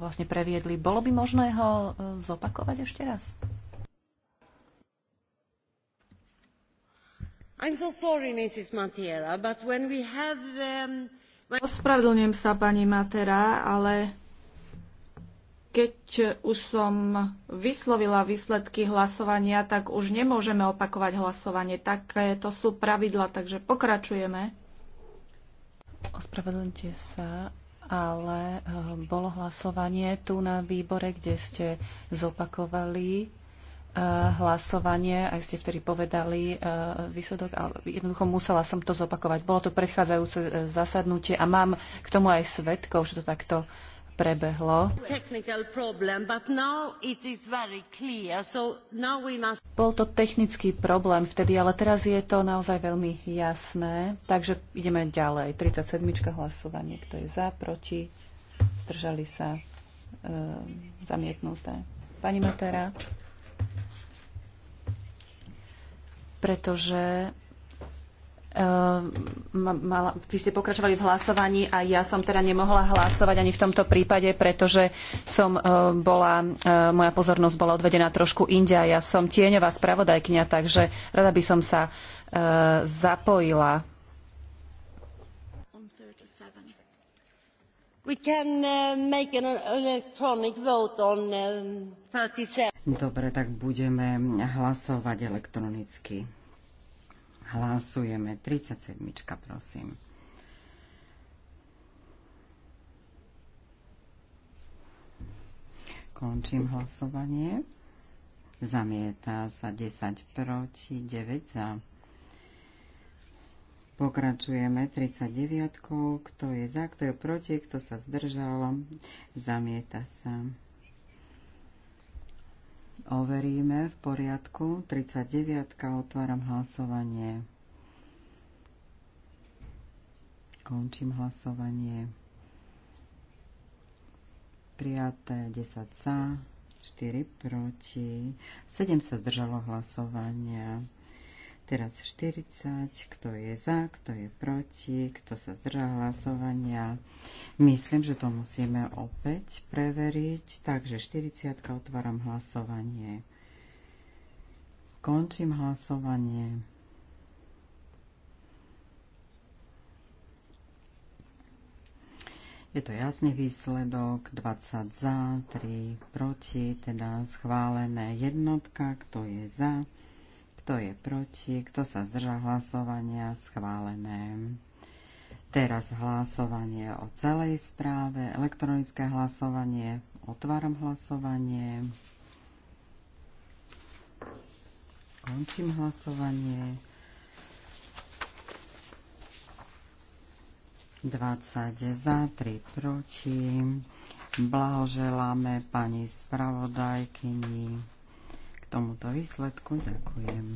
vlastne previedli, bolo by možné ho zopakovať ešte raz? I'm so sorry, Mrs. Matera, but when we have... Um, Ospravedlňujem sa, pani Matera, ale keď už som vyslovila výsledky hlasovania, tak už nemôžeme opakovať hlasovanie. Také to sú pravidla, takže pokračujeme. Ospravedlňte sa, ale eh, bolo hlasovanie tu na výbore, kde ste zopakovali eh, hlasovanie, aj ste vtedy povedali eh, výsledok, ale jednoducho musela som to zopakovať. Bolo to predchádzajúce zasadnutie a mám k tomu aj svetkov, že to takto prebehlo. Bol to technický problém vtedy, ale teraz je to naozaj veľmi jasné. Takže ideme ďalej. 37. hlasovanie. Kto je za, proti? Zdržali sa e, zamietnuté. Pani Matera. Pretože Eh, mala, vy ste pokračovali v hlasovaní a ja som teda nemohla hlasovať ani v tomto prípade, pretože som eh, bola, eh, moja pozornosť bola odvedená trošku inde a Ja som tieňová spravodajkňa, takže rada by som sa zapojila. Dobre, tak budeme hlasovať elektronicky. Hlasujeme. 37. prosím. Končím hlasovanie. Zamieta sa 10 proti, 9 za. Pokračujeme 39. Kto je za, kto je proti, kto sa zdržal. Zamieta sa overíme v poriadku. 39. Otváram hlasovanie. Končím hlasovanie. Prijaté 10 za, 4 proti, 7 sa zdržalo hlasovania. Teraz 40, kto je za, kto je proti, kto sa zdržal hlasovania. Myslím, že to musíme opäť preveriť. Takže 40, otváram hlasovanie. Končím hlasovanie. Je to jasný výsledok, 20 za, 3 proti, teda schválené jednotka, kto je za kto je proti, kto sa zdrža hlasovania, schválené. Teraz hlasovanie o celej správe, elektronické hlasovanie, otváram hlasovanie. Končím hlasovanie. 20 za, 3 proti. Blahoželáme pani spravodajkyni tomuto výsledku. Ďakujem.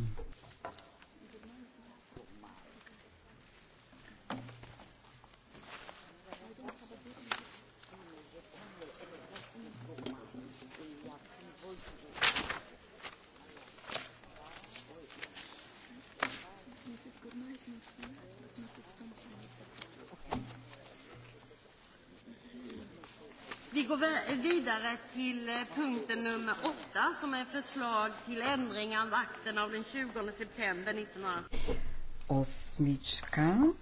vidare till eh, punkten nummer 8 som är förslag till ändring av akten av den 20 september 1900. Osmička.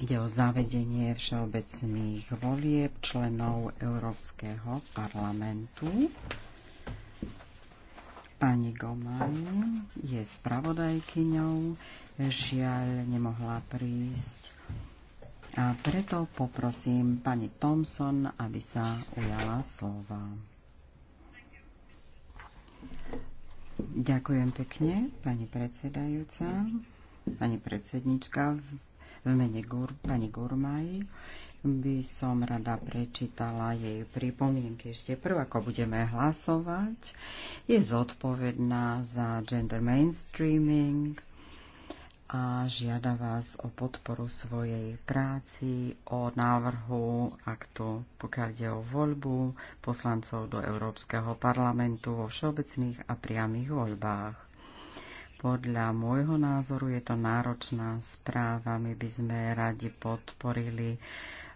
Ide o zavedenie všeobecných volieb členov Európskeho parlamentu. Pani Gomaj je spravodajkyňou, žiaľ nemohla prísť a preto poprosím pani Thompson, aby sa ujala slova. Ďakujem pekne, pani predsedajúca, pani predsednička v mene Gur, pani Gurmaj by som rada prečítala jej pripomienky ešte prv, ako budeme hlasovať. Je zodpovedná za gender mainstreaming, a žiada vás o podporu svojej práci, o návrhu aktu, pokiaľ ide o voľbu poslancov do Európskeho parlamentu vo všeobecných a priamých voľbách. Podľa môjho názoru je to náročná správa. My by sme radi podporili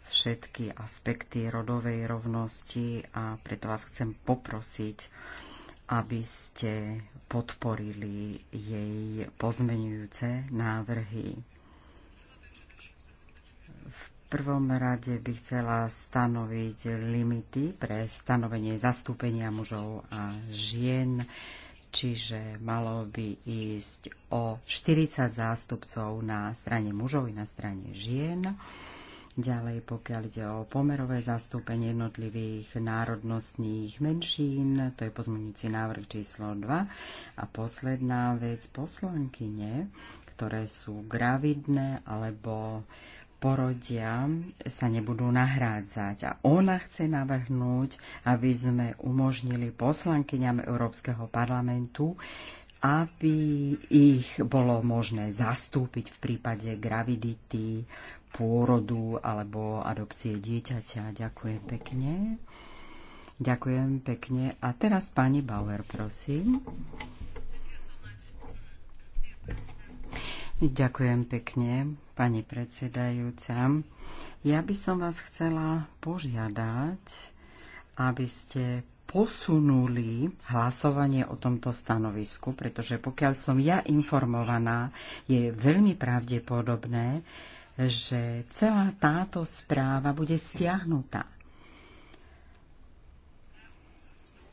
všetky aspekty rodovej rovnosti a preto vás chcem poprosiť, aby ste podporili jej pozmenujúce návrhy. V prvom rade by chcela stanoviť limity pre stanovenie zastúpenia mužov a žien, čiže malo by ísť o 40 zástupcov na strane mužov i na strane žien. Ďalej, pokiaľ ide o pomerové zastúpenie jednotlivých národnostných menšín, to je pozmeňujúci návrh číslo 2. A posledná vec, poslankyne, ktoré sú gravidné alebo porodia sa nebudú nahrádzať. A ona chce navrhnúť, aby sme umožnili poslankyňam Európskeho parlamentu, aby ich bolo možné zastúpiť v prípade gravidity pôrodu alebo adopcie dieťaťa. Ďakujem pekne. Ďakujem pekne. A teraz pani Bauer, prosím. Ďakujem pekne, pani predsedajúca. Ja by som vás chcela požiadať, aby ste posunuli hlasovanie o tomto stanovisku, pretože pokiaľ som ja informovaná, je veľmi pravdepodobné, že celá táto správa bude stiahnutá.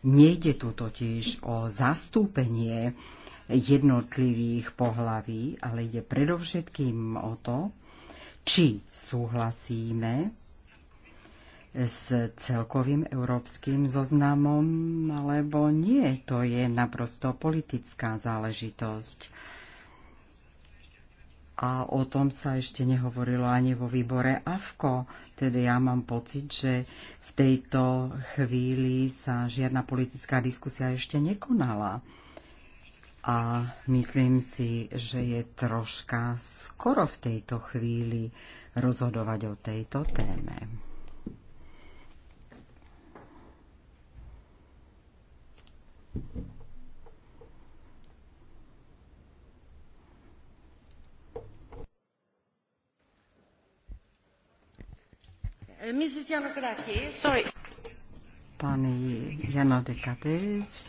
Nejde tu totiž o zastúpenie jednotlivých pohlaví, ale ide predovšetkým o to, či súhlasíme s celkovým európskym zoznamom, alebo nie. To je naprosto politická záležitosť a o tom sa ešte nehovorilo ani vo výbore AFKO. Tedy ja mám pocit, že v tejto chvíli sa žiadna politická diskusia ešte nekonala. A myslím si, že je troška skoro v tejto chvíli rozhodovať o tejto téme. Thank you. Uh, Pani Janodekakis,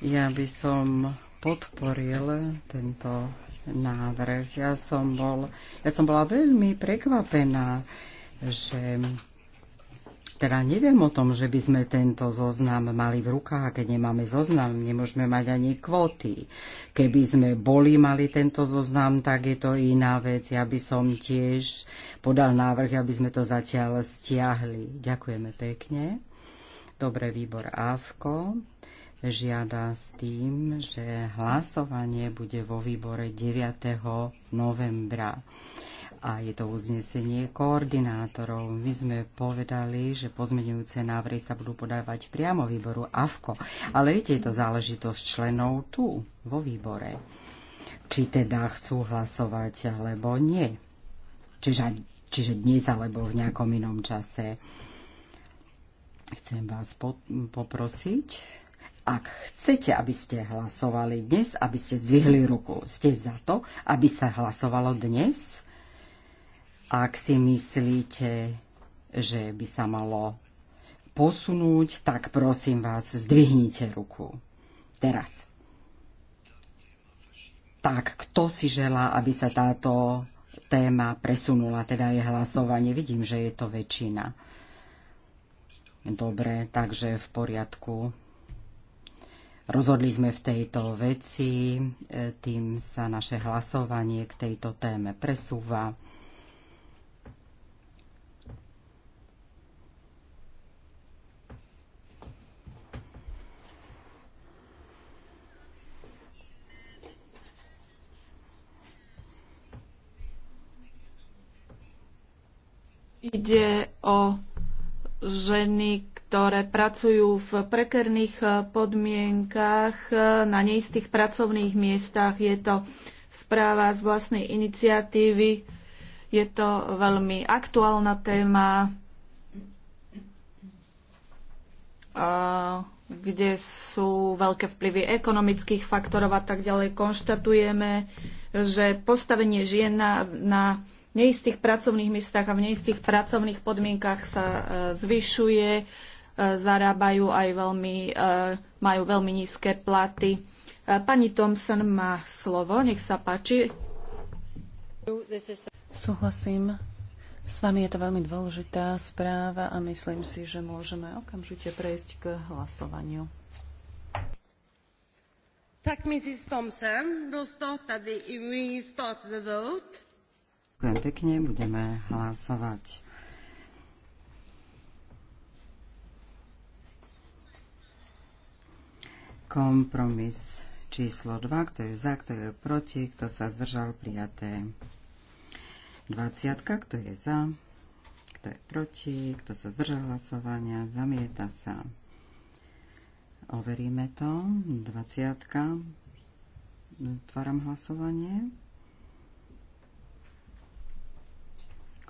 ja by som podporil tento návrh. Ja som, bol, ja som bola veľmi prekvapená, že teda neviem o tom, že by sme tento zoznam mali v rukách, keď nemáme zoznam, nemôžeme mať ani kvóty. Keby sme boli mali tento zoznam, tak je to iná vec. Ja by som tiež podal návrh, aby sme to zatiaľ stiahli. Ďakujeme pekne. Dobre, výbor Avko žiada s tým, že hlasovanie bude vo výbore 9. novembra a je to uznesenie koordinátorov. My sme povedali, že pozmenujúce návrhy sa budú podávať priamo výboru AFKO, ale viete, je to záležitosť členov tu, vo výbore. Či teda chcú hlasovať, alebo nie. Čiže, čiže dnes, alebo v nejakom inom čase. Chcem vás po, poprosiť, ak chcete, aby ste hlasovali dnes, aby ste zdvihli ruku, ste za to, aby sa hlasovalo dnes? Ak si myslíte, že by sa malo posunúť, tak prosím vás, zdvihnite ruku. Teraz. Tak, kto si želá, aby sa táto téma presunula, teda je hlasovanie. Vidím, že je to väčšina. Dobre, takže v poriadku. Rozhodli sme v tejto veci, e, tým sa naše hlasovanie k tejto téme presúva. Ide o ženy, ktoré pracujú v prekerných eh, podmienkach eh, na neistých pracovných miestach. Je to správa z vlastnej iniciatívy. Je to veľmi aktuálna téma, eh, kde sú veľké vplyvy ekonomických faktorov a tak ďalej. Konštatujeme, že postavenie žien na, na neistých pracovných miestach a v neistých pracovných podmienkach sa e, zvyšuje, e, zarábajú aj veľmi, e, majú veľmi nízke platy. Pani Thompson má slovo, nech sa páči. Súhlasím. S vami je to veľmi dôležitá správa a myslím si, že môžeme okamžite prejsť k hlasovaniu. Tak, Mrs. Thompson, då we start the vote. Ďakujem pekne, budeme hlasovať. Kompromis číslo 2, kto je za, kto je proti, kto sa zdržal, prijaté. 20, kto je za, kto je proti, kto sa zdržal hlasovania, zamieta sa. Overíme to. 20. Otváram hlasovanie.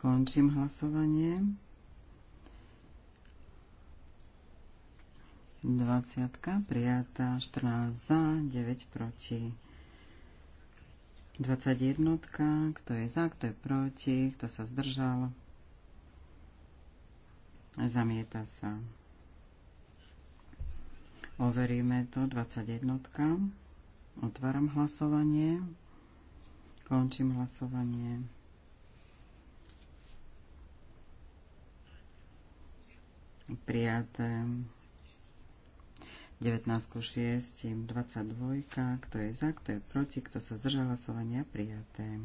Končím hlasovanie. 20 prijatá, 14 za, 9 proti. 21, kto je za, kto je proti, kto sa zdržal. Zamieta sa. Overíme to, 21. Otváram hlasovanie. Končím hlasovanie. prijaté 19 ku 6, 22, kto je za, kto je proti, kto sa zdržal hlasovania, prijaté.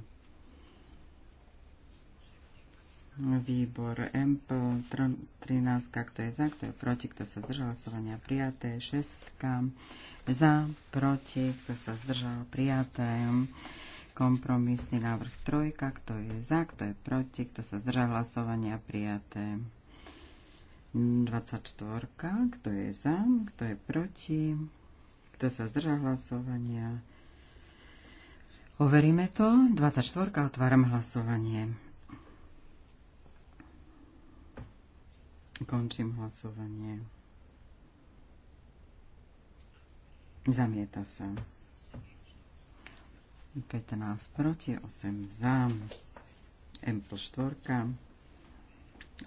Výbor MP 13, kto je za, kto je proti, kto sa zdržal hlasovania, prijaté. 6, za, proti, kto sa zdržal, prijaté. Kompromisný návrh 3, kto je za, kto je proti, kto sa zdržal hlasovania, prijaté. 24. Kto je za? Kto je proti? Kto sa zdržal hlasovania? Overíme to. 24. Otváram hlasovanie. Končím hlasovanie. Zamieta sa. 15 proti, 8 za. M plus 4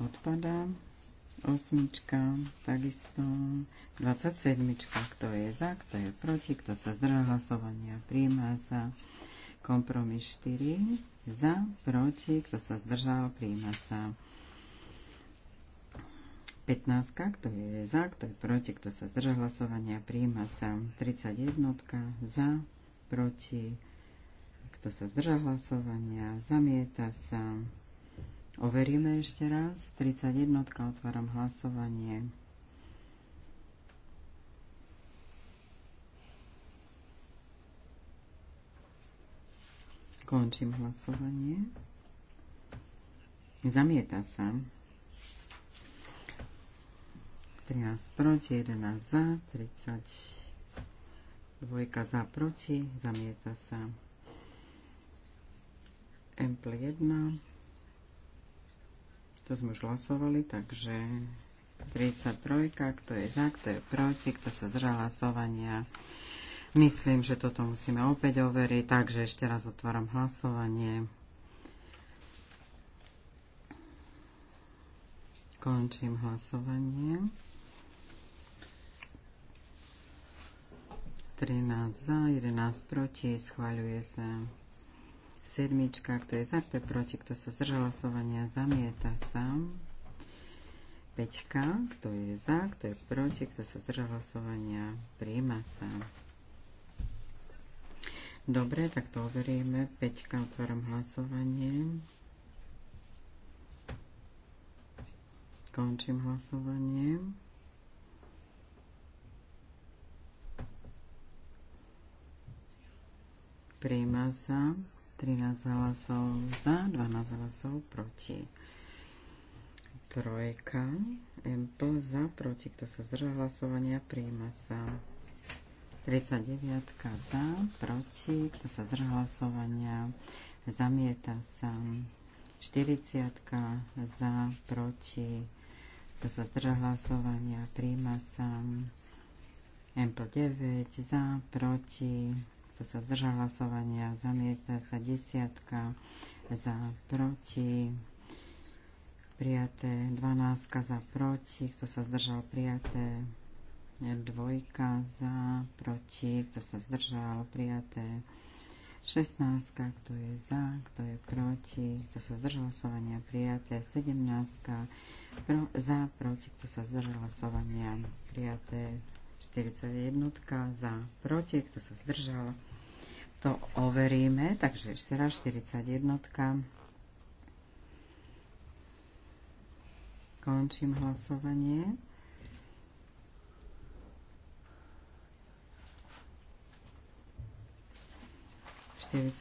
odpadá osmička, takisto 27, kto je za, kto je proti, kto sa zdrhá hlasovania, príjma sa kompromis 4, za, proti, kto sa zdržal, príjma sa 15, kto je za, kto je proti, kto sa zdržal hlasovania, príjma sa 31, za, proti, kto sa zdržal hlasovania, zamieta sa Overíme ešte raz. 31. Otváram hlasovanie. Končím hlasovanie. Zamieta sa. 13 proti, 11 za, 30 dvojka za proti, zamieta sa. Ample 1 to sme už hlasovali, takže 33, kto je za, kto je proti, kto sa zdržal hlasovania. Myslím, že toto musíme opäť overiť, takže ešte raz otváram hlasovanie. Končím hlasovanie. 13 za, 11 proti, schváľuje sa. Sedmička, kto je za, kto je proti, kto sa zdržal hlasovania, zamieta sa. Peťka, kto je za, kto je proti, kto sa zdržal hlasovania, príjma sa. Dobre, tak to overíme. Peťka, otváram hlasovanie. Končím hlasovanie. Príjma sa. 13 hlasov za, 12 hlasov proti. Trojka, MP za, proti, kto sa zdržal hlasovania, prijíma sa. 39 za, proti, kto sa zdržal hlasovania, zamieta sa. 40 za, proti, kto sa zdržal hlasovania, prijíma sa. MP 9 za, proti, kto sa zdržal hlasovania, zamieta sa desiatka za proti, prijaté dvanáctka za proti, kto sa zdržal prijaté dvojka za proti, kto sa zdržal prijaté 16, kto je za, kto je proti, kto sa zdržal hlasovania prijaté, 17, pro, za, proti, kto sa zdržal hlasovania prijaté, 41, za, proti, kto sa zdržal to overíme. Takže ešte raz 41. Končím hlasovanie.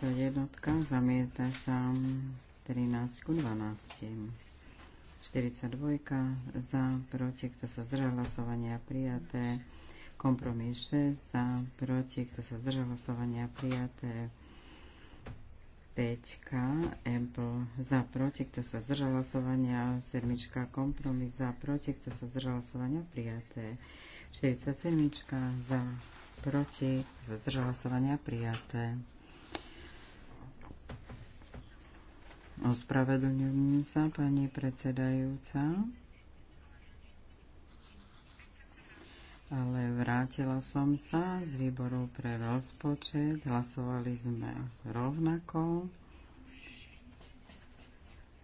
jednotka zamieta sa 13 k 12. 42 za, proti, kto sa zdržal hlasovania, prijaté. Kompromis 6 za, proti, kto sa zdržal hlasovania, prijaté. 5 Apple za, proti, kto sa zdržal hlasovania, 7 kompromis za, proti, kto sa zdržal hlasovania, prijaté. 47 za, proti, kto sa zdržal hlasovania, prijaté. Ospravedlňujem sa, pani predsedajúca. ale vrátila som sa z výboru pre rozpočet. Hlasovali sme rovnako.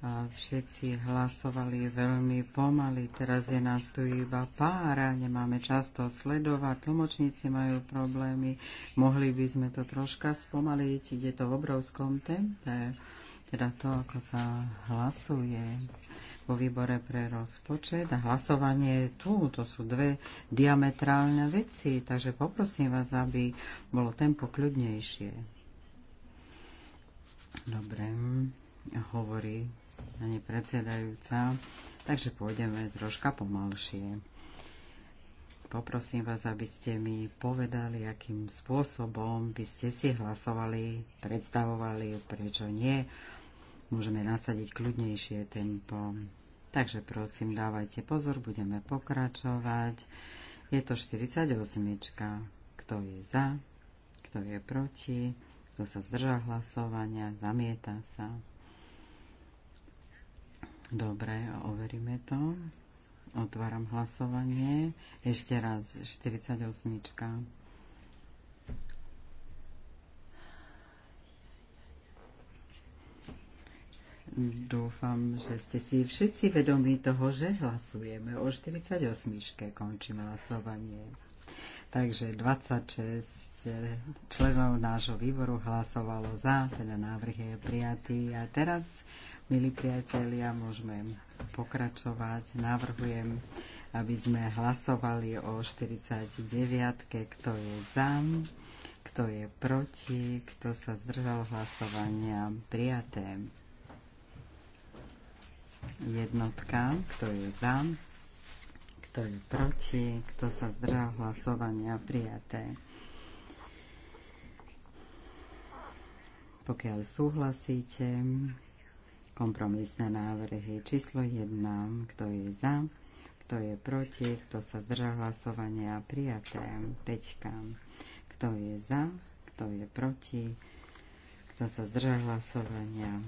A všetci hlasovali veľmi pomaly. Teraz je nás tu iba pár nemáme často sledovať. Tlmočníci majú problémy. Mohli by sme to troška spomaliť. Ide to v obrovskom tempe. Teda to, ako sa hlasuje vo výbore pre rozpočet a hlasovanie je tu. To sú dve diametrálne veci, takže poprosím vás, aby bolo tempo kľudnejšie. Dobre, hovorí pani predsedajúca, takže pôjdeme troška pomalšie. Poprosím vás, aby ste mi povedali, akým spôsobom by ste si hlasovali, predstavovali, prečo nie môžeme nasadiť kľudnejšie tempo. Takže prosím, dávajte pozor, budeme pokračovať. Je to 48. Kto je za, kto je proti, kto sa zdržal hlasovania, zamieta sa. Dobre, overíme to. Otváram hlasovanie. Ešte raz 48. Dúfam, že ste si všetci vedomí toho, že hlasujeme o 48. Končím hlasovanie. Takže 26 členov nášho výboru hlasovalo za, teda návrh je prijatý. A teraz, milí priatelia, môžeme pokračovať. Navrhujem, aby sme hlasovali o 49, kto je za kto je proti, kto sa zdržal hlasovania, prijaté jednotka, kto je za, kto je proti, kto sa zdržal hlasovania prijaté. Pokiaľ súhlasíte, kompromisné návrhy číslo 1, kto je za, kto je proti, kto sa zdržal hlasovania prijaté, 5, kto je za, kto je proti, kto sa zdržal hlasovania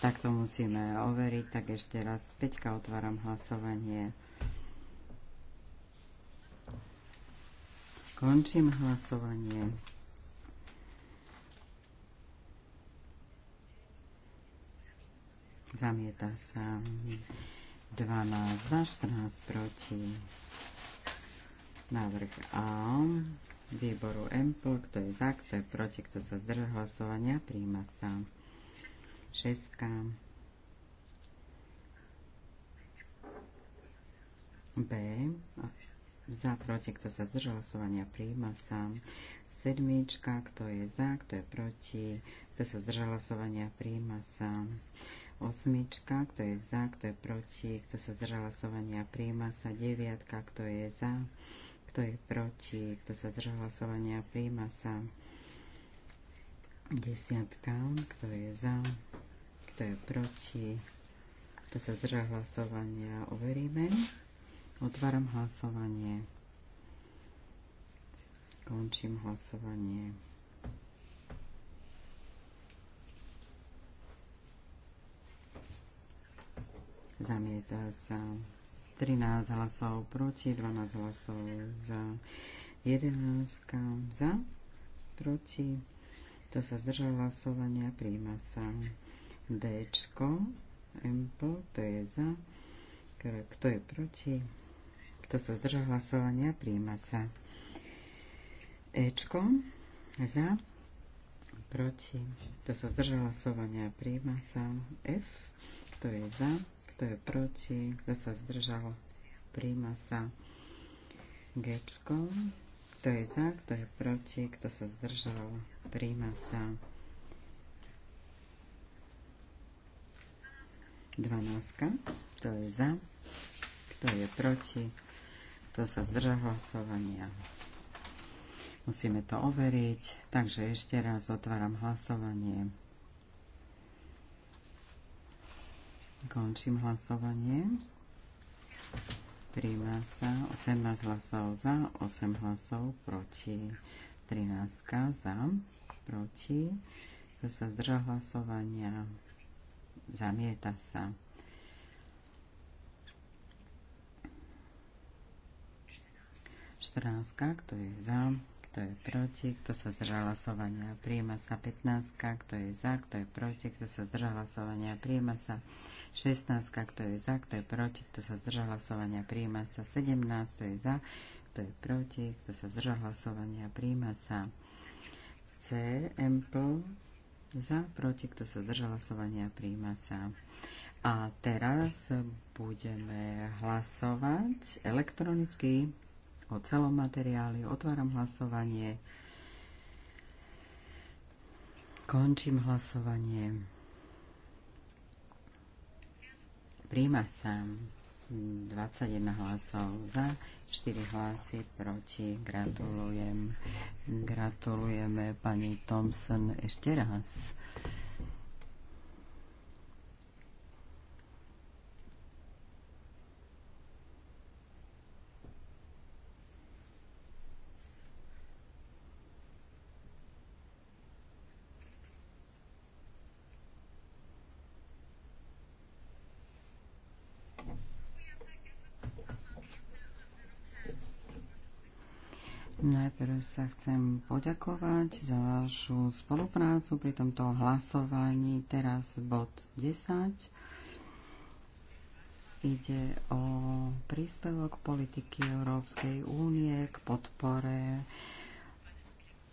tak to musíme overiť. Tak ešte raz, Peťka, otváram hlasovanie. Končím hlasovanie. Zamieta sa 12 za 14 proti. Návrh A výboru MPL, kto je za, kto je proti, kto sa zdržal hlasovania, príjma sa. B. Za, proti, kto sa zdržal hlasovania, príjma sa. Sedmička, kto je za, kto je proti, kto sa zdržal hlasovania, príjma sa. Osmička, kto je za, kto je proti, kto sa zdržal hlasovania, príjma sa. Deviatka, kto je za, kto je proti, kto sa zdržal hlasovania, príjma sa. Desiatka, kto je za, kto je proti, kto sa zdržal hlasovania, overíme. Otváram hlasovanie. Končím hlasovanie. Zamieta sa 13 hlasov proti, 12 hlasov za, 11 za, proti. To sa zdržal hlasovania, príjma sa. D, Ample, to je za, kto je proti, kto sa zdržal hlasovania, príjma sa. Ečko, za, proti, kto sa zdržal hlasovania, príjma sa. F, kto je za, kto je proti, kto sa zdržal, príjma sa. G, kto je za, kto je proti, kto sa zdržal, príjma sa. 12. Kto je za? Kto je proti? Kto sa zdrža hlasovania? Musíme to overiť. Takže ešte raz otváram hlasovanie. Končím hlasovanie. Príjma sa 18 hlasov za, 8 hlasov proti, 13 za, proti. Kto sa zdrža hlasovania? zamieta sa. Štrnáctka, kto je za, kto je proti, kto sa zdržal hlasovania, príjma sa 15, kto je za, kto je proti, kto sa zdržal hlasovania, príjma sa Šestnáctka, kto je za, kto je proti, kto sa zdržal hlasovania, príjma sa 17, kto je za, kto je proti, kto sa zdržal hlasovania, príjma sa C, Ample, za, proti, kto sa zdržal hlasovania, príjma sa. A teraz budeme hlasovať elektronicky o celom materiáli. Otváram hlasovanie. Končím hlasovanie. Príjma sa. 21 hlasov za, 4 hlasy proti. Gratulujem. Gratulujeme pani Thompson ešte raz. sa chcem poďakovať za vašu spoluprácu pri tomto hlasovaní. Teraz bod 10. Ide o príspevok politiky Európskej únie k podpore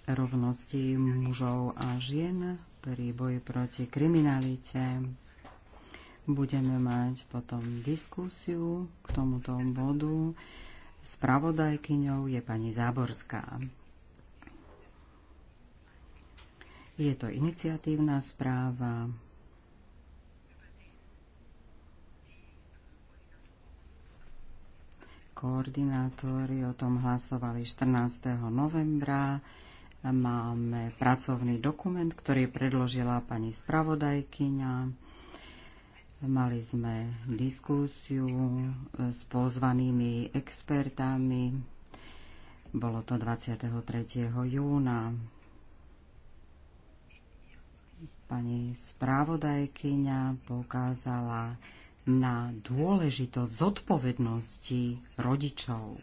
rovnosti mužov a žien pri boji proti kriminalite. Budeme mať potom diskusiu k tomuto bodu. Spravodajkyňou je pani Záborská. Je to iniciatívna správa. Koordinátori o tom hlasovali 14. novembra. Máme pracovný dokument, ktorý predložila pani spravodajkyňa. Mali sme diskusiu e, s pozvanými expertami. Bolo to 23. júna. Pani správodajkyňa poukázala na dôležitosť zodpovednosti rodičov.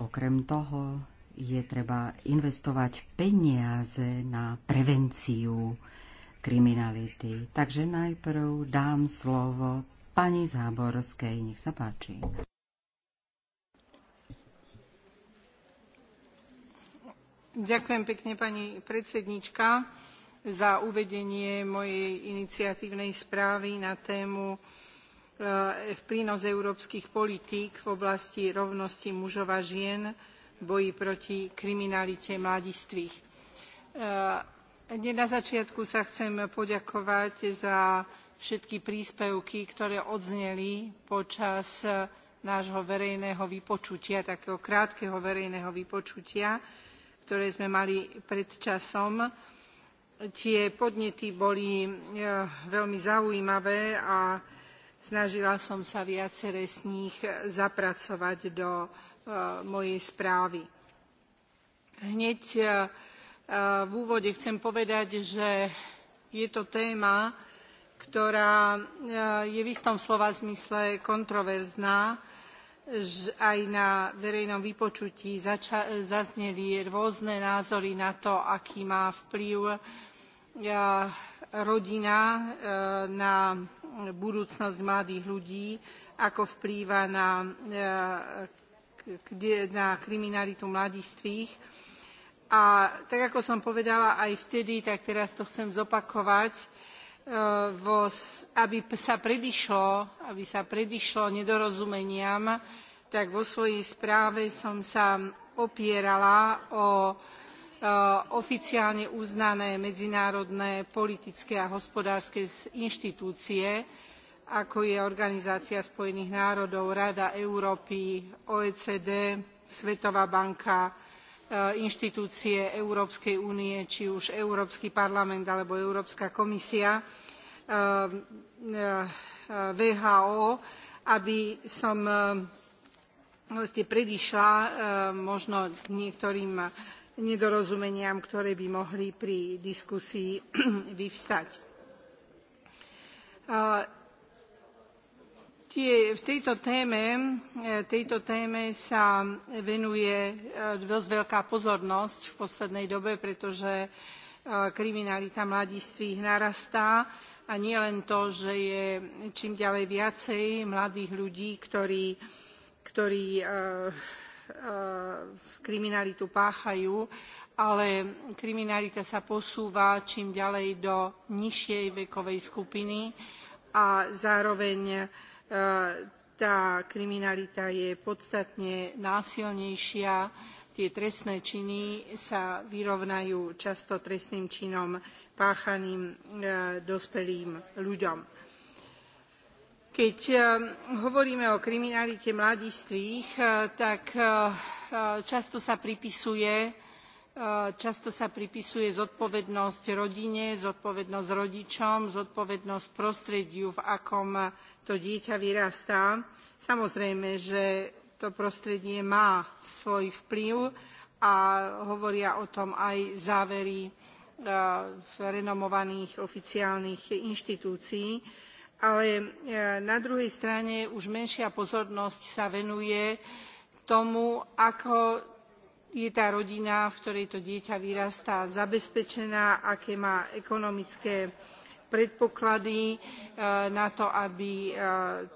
Okrem toho je treba investovať peniaze na prevenciu kriminality. Takže najprv dám slovo pani Záborskej. Nech sa páči. Ďakujem pekne pani predsednička, za uvedenie mojej iniciatívnej správy na tému v e, prínos európskych politík v oblasti rovnosti mužov a žien v boji proti kriminalite mladistvých e, hneď na začiatku sa chcem poďakovať za všetky príspevky ktoré odzneli počas nášho verejného vypočutia takého krátkeho verejného vypočutia ktoré sme mali pred časom. tie podnety boli eh, veľmi zaujímavé a snažila som sa viaceré z nich zapracovať do eh, mojej správy. hneď eh, v úvode chcem povedať že je to téma ktorá e, je v istom slova zmysle kontroverzná aj na verejnom vypočutí zazneli rôzne názory na to aký má vplyv e, rodina e, na budúcnosť mladých ľudí ako vplýva na, na kriminalitu mladistvých a tak ako som povedala aj vtedy tak teraz to chcem zopakovať e, aby sa predišlo nedorozumeniam tak vo svojej správe som sa opierala o e, oficiálne uznané medzinárodné politické a hospodárske inštitúcie ako je organizácia spojených národov rada európy oecd svetová banka E, inštitúcie európskej únie či už európsky parlament alebo európska komisia who e, e, aby som vlastne predišla možno niektorým nedorozumeniam ktoré by mohli pri diskusii vyvstať v tejto téme, e, tejto téme sa venuje e, dosť veľká pozornosť v poslednej dobe, pretože e, kriminalita mladistvých narastá a nie len to, že je čím ďalej viacej mladých ľudí, ktorí, ktorí kriminalitu páchajú ale kriminalita sa posúva čím ďalej do nižšej vekovej skupiny a zároveň E, tá kriminalita je podstatne násilnejšia tie trestné činy sa vyrovnajú často trestným činom páchaným e, dospelým ľuďom. Keď e, hovoríme o kriminalite mladistvých, tak často sa pripisuje často sa pripisuje zodpovednosť rodine, zodpovednosť rodičom, zodpovednosť prostrediu, v akom to dieťa vyrastá. Samozrejme, že to prostredie má svoj vplyv a hovoria o tom aj závery e, renomovaných oficiálnych inštitúcií ale e, na druhej strane už menšia pozornosť sa venuje tomu ako je tá rodina v ktorej to dieťa vyrastá zabezpečená aké má ekonomické predpoklady eh, na to aby eh,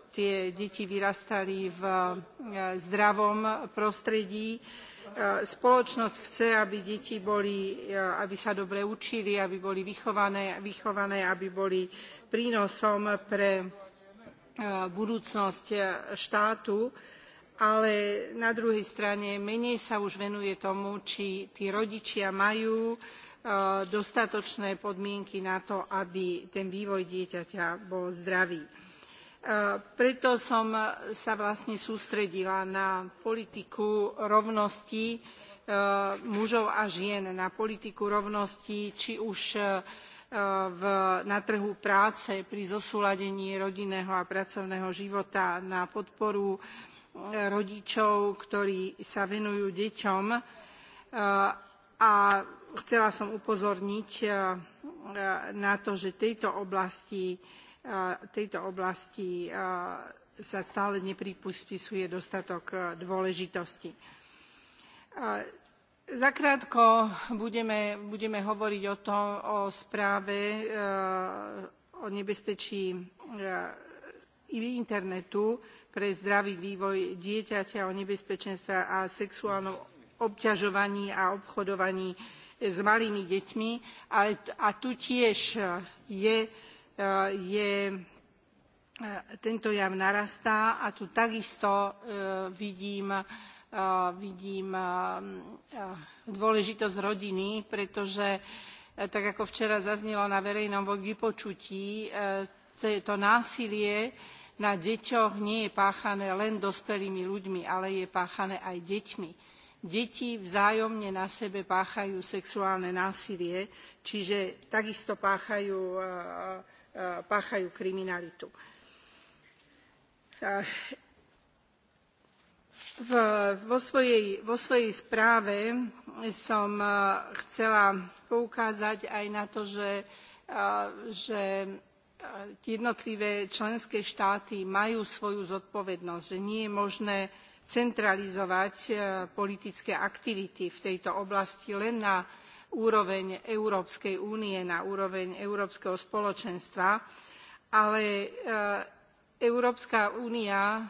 tie deti vyrastali v eh, zdravom prostredí. spoločnosť chce aby deti boli, aby sa dobre učili aby boli vychované, vychované aby boli prínosom pre budúcnosť štátu ale na druhej strane menej sa už venuje tomu či tí rodičia majú E, dostatočné podmienky na to aby ten vývoj dieťaťa bol zdravý. E, preto som sa vlastne sústredila na politiku rovnosti e, mužov a žien na politiku rovnosti či už na trhu práce pri zosúladení rodinného a pracovného života na podporu rodičov ktorí sa venujú deťom a chcela som upozorniť e, e, na to že v tejto oblasti, e, tejto oblasti sa stále nepripisuje dostatok dôležitosti. zakrátko budeme, budeme hovoriť o, to, o správe o nebezpečí internetu pre zdravý vývoj dieťaťa o nebezpečenstve a sexuálnom obťažovaní a obchodovaní s malými deťmi a tu tiež e, e, e, tento jav narastá a tu takisto vidím, vidím dôležitosť rodiny pretože tak ako včera zaznelo na verejnom vypočutí to násilie na deťoch nie je páchané len dospelými ľuďmi ale je páchané aj deťmi deti vzájomne na sebe páchajú sexuálne násilie čiže takisto páchajú, kriminalitu. vo, svojej, správe som chcela poukázať aj na to že, že jednotlivé členské štáty majú svoju zodpovednosť že nie je možné centralizovať e, politické aktivity v tejto oblasti len na úroveň európskej únie na úroveň európskeho spoločenstva ale e, európska únia e,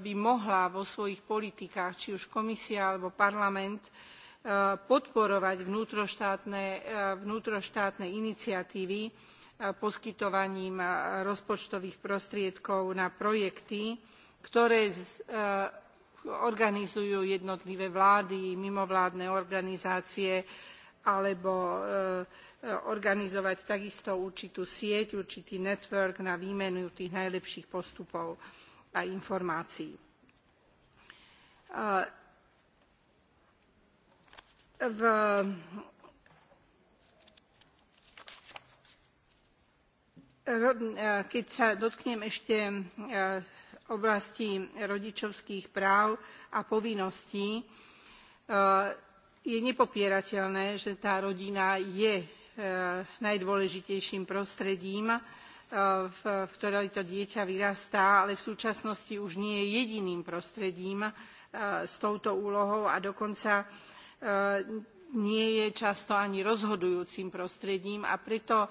by mohla vo svojich politikách či už komisia alebo parlament podporovať vnútroštátne, vnútroštátne iniciatívy poskytovaním rozpočtových prostriedkov na projekty ktoré z organizujú jednotlivé vlády mimovládne organizácie alebo e, e, organizovať takisto určitú sieť určitý network na výmenu tých najlepších postupov a informácií. E, v keď sa dotknem ešte oblasti rodičovských práv a povinností e, je nepopierateľné že tá rodina je e, najdôležitejším prostredím e, v ktorom to dieťa vyrastá ale v súčasnosti už nie je jediným prostredím s touto úlohou a dokonca nie je často ani rozhodujúcim prostredím a preto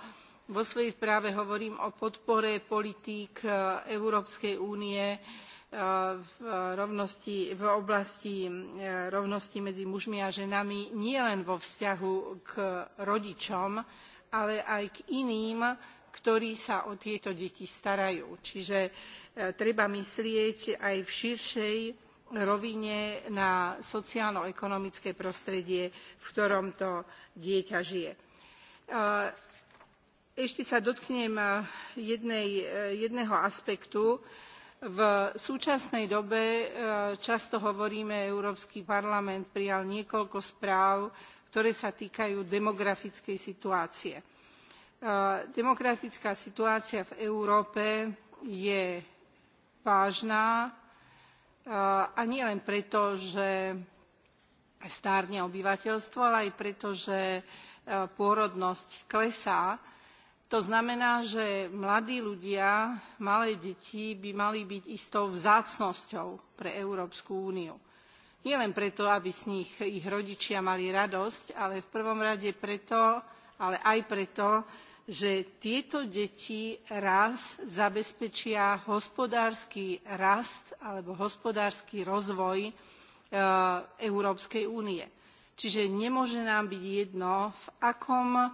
vo svojej správe hovorím o podpore politík e, európskej únie e, v, oblasti e, rovnosti medzi mužmi a ženami nielen vo vzťahu k rodičom ale aj k iným ktorí sa o tieto deti starajú. čiže treba myslieť aj v širšej rovine na sociálno ekonomické prostredie v ktorom to dieťa žije ešte sa dotknem eh, eh, jedného aspektu v súčasnej dobe eh, často hovoríme európsky parlament prijal niekoľko správ ktoré sa týkajú demografickej situácie. demografická situácia v európe je vážna a nielen preto že stárne obyvateľstvo ale aj preto že pôrodnosť klesá to znamená, že mladí ľudia, malé deti by mali byť istou vzácnosťou pre Európsku úniu. Nielen preto, aby z nich ich rodičia mali radosť, ale v prvom rade preto, ale aj preto, že tieto deti raz zabezpečia hospodársky rast alebo hospodársky rozvoj e, Európskej únie. Čiže nemôže nám byť jedno, v akom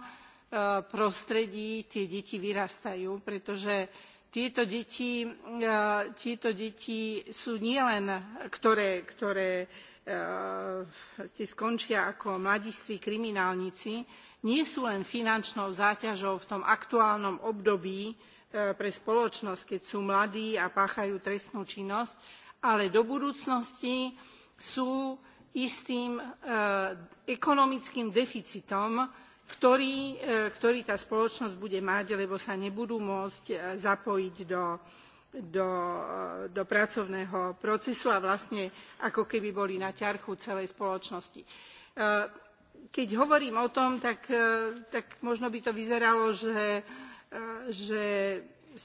prostredí tie deti vyrastajú pretože tieto deti, e, sú nielen ktoré, ktoré e, skončia ako mladiství kriminálnici nie sú len finančnou záťažou v tom aktuálnom období e, pre spoločnosť keď sú mladí a páchajú trestnú činnosť ale do budúcnosti sú istým ekonomickým deficitom ktorý, e, ktorý tá spoločnosť bude mať lebo sa nebudú môcť e, zapojiť do, do, e, do pracovného procesu a vlastne ako keby boli na ťarchu celej spoločnosti. keď hovorím o tom tak, tak možno by to vyzeralo že, že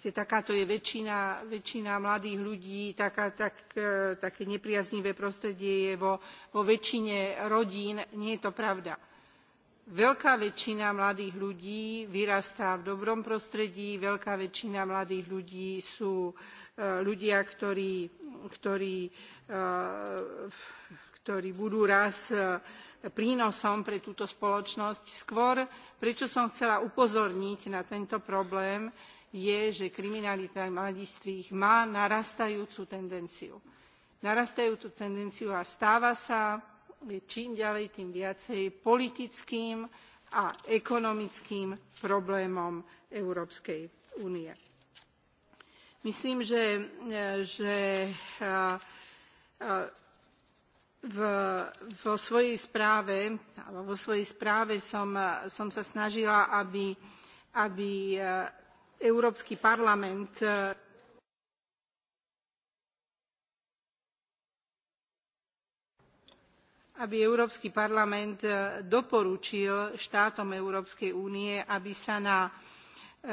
takáto je väčšina, väčšina mladých ľudí taká, tak, také nepriaznivé prostredie je vo, vo väčšine rodín. nie je to pravda veľká väčšina mladých ľudí vyrastá v dobrom prostredí veľká väčšina mladých ľudí sú e, ľudia ktorí, ktorí, e, ktorí budú raz e, prínosom pre túto spoločnosť. skôr prečo som chcela upozorniť na tento problém je že kriminalita mladistvých má narastajúcu tendenciu narastajúcu tendenciu a stáva sa je čím ďalej tým viacej politickým a ekonomickým problémom európskej únie. myslím že, že e, e, v, vo svojej správe alebo vo svojej správe som, som sa snažila aby, aby e, európsky parlament aby Európsky parlament e, doporučil štátom Európskej únie, aby sa na, e,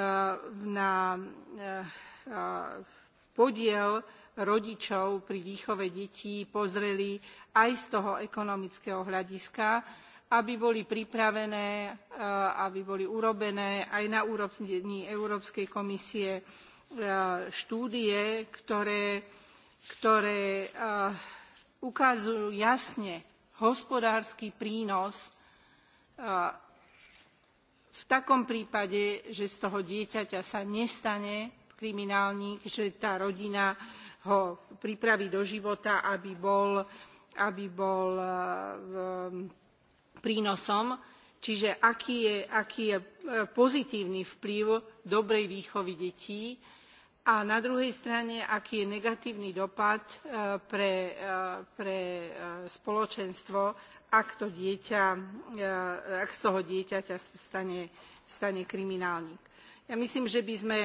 e, podiel rodičov pri výchove detí pozreli aj z toho ekonomického hľadiska aby boli pripravené aby boli urobené aj na úrovni európskej komisie štúdie ktoré, ktoré ukazujú jasne hospodársky prínos v takom prípade že z toho dieťaťa sa nestane kriminálnik že tá rodina ho pripraví do života aby bol, aby bol prínosom čiže aký je, aký je e, pozitívny vplyv dobrej výchovy detí a na druhej strane aký je negatívny dopad e, pre, e, e, spoločenstvo ak, to dieťa, ak z toho dieťaťa stane, stane kriminálnik. ja myslím že by sme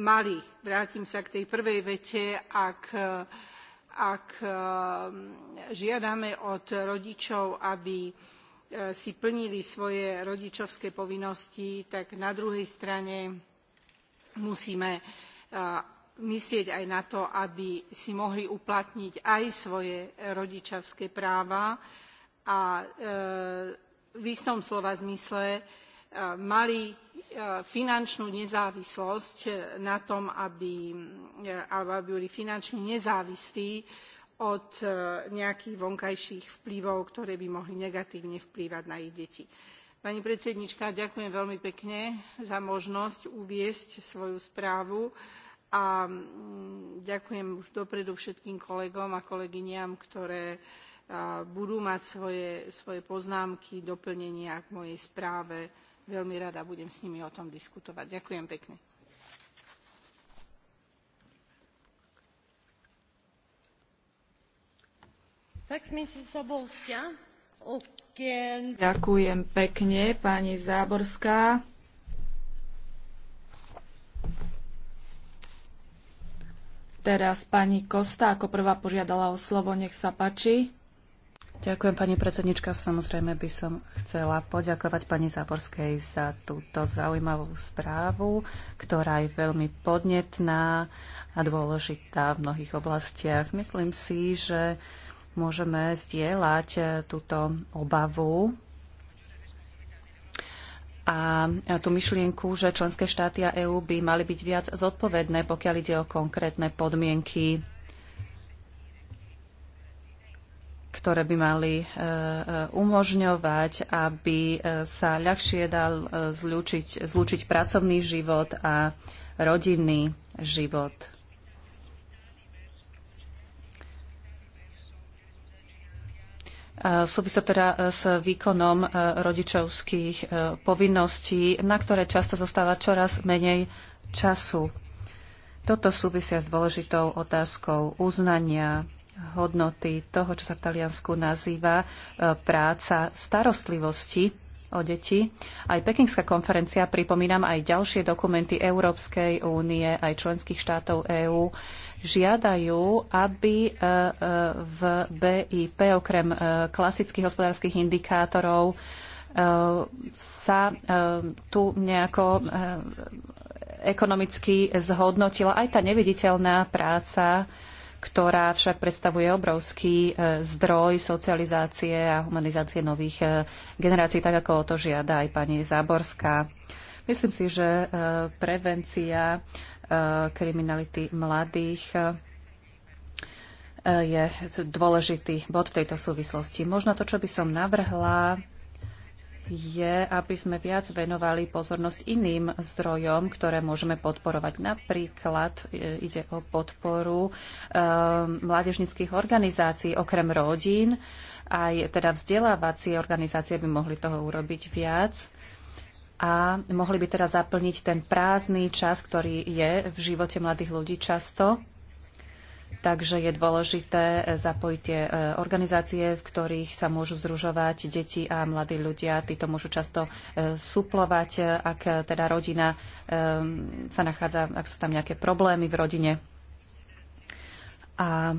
mali vrátim sa k tej prvej vete ak, ak žiadame od rodičov aby si plnili svoje rodičovské povinnosti tak na druhej strane musíme myslieť aj na to aby si mohli uplatniť aj svoje rodičovské práva a e, v istom slova zmysle e, mali e, finančnú nezávislosť na tom aby, aby boli finančne nezávislí od nejakých vonkajších vplyvov ktoré by mohli negatívne vplývať na ich deti. pani predsedníčka ďakujem veľmi pekne za možnosť uviesť svoju správu a mm, ďakujem už dopredu všetkým kolegom a kolegyniam ktoré budú mať svoje, svoje poznámky doplnenia k mojej správe veľmi rada budem s nimi o tom diskutovať. ďakujem pekne. ďakujem pekne pani záborská. Teraz pani Kosta ako prvá požiadala o slovo, nech sa páči. Ďakujem, pani predsednička. Samozrejme by som chcela poďakovať pani Záborskej za túto zaujímavú správu, ktorá je veľmi podnetná a dôležitá v mnohých oblastiach. Myslím si, že môžeme zdieľať eh, túto obavu a tú myšlienku, že členské štáty a EÚ by mali byť viac zodpovedné, pokiaľ ide o konkrétne podmienky, ktoré by mali e, e, umožňovať, aby e, sa ľahšie dal zlúčiť, zlúčiť pracovný život a rodinný život. súvisia teda e, s výkonom e, rodičovských e, povinností, na ktoré často zostáva čoraz menej času. Toto súvisia s dôležitou otázkou uznania hodnoty toho, čo sa v Taliansku nazýva práca starostlivosti o deti. Aj Pekingská konferencia, pripomínam, aj ďalšie dokumenty Európskej únie, aj členských štátov EÚ žiadajú, aby e, e, v BIP okrem e, klasických hospodárskych indikátorov sa tu nejako ekonomicky zhodnotila aj tá neviditeľná práca, ktorá však predstavuje obrovský zdroj socializácie a humanizácie nových generácií, tak ako o to žiada aj pani Záborská. Myslím si, že prevencia kriminality mladých e, je dôležitý bod v tejto súvislosti. Možno to, čo by som navrhla, je, aby sme viac venovali pozornosť iným zdrojom, ktoré môžeme podporovať. Napríklad e, ide o podporu e, mládežnických organizácií okrem rodín, aj teda vzdelávacie organizácie by mohli toho urobiť viac a mohli by teda zaplniť ten prázdny čas, ktorý je v živote mladých ľudí často. Takže je dôležité zapojiť tie e, organizácie, v ktorých sa môžu združovať deti a mladí ľudia. Títo môžu často e, suplovať, e, ak teda rodina sa nachádza, ak sú tam nejaké problémy v rodine. A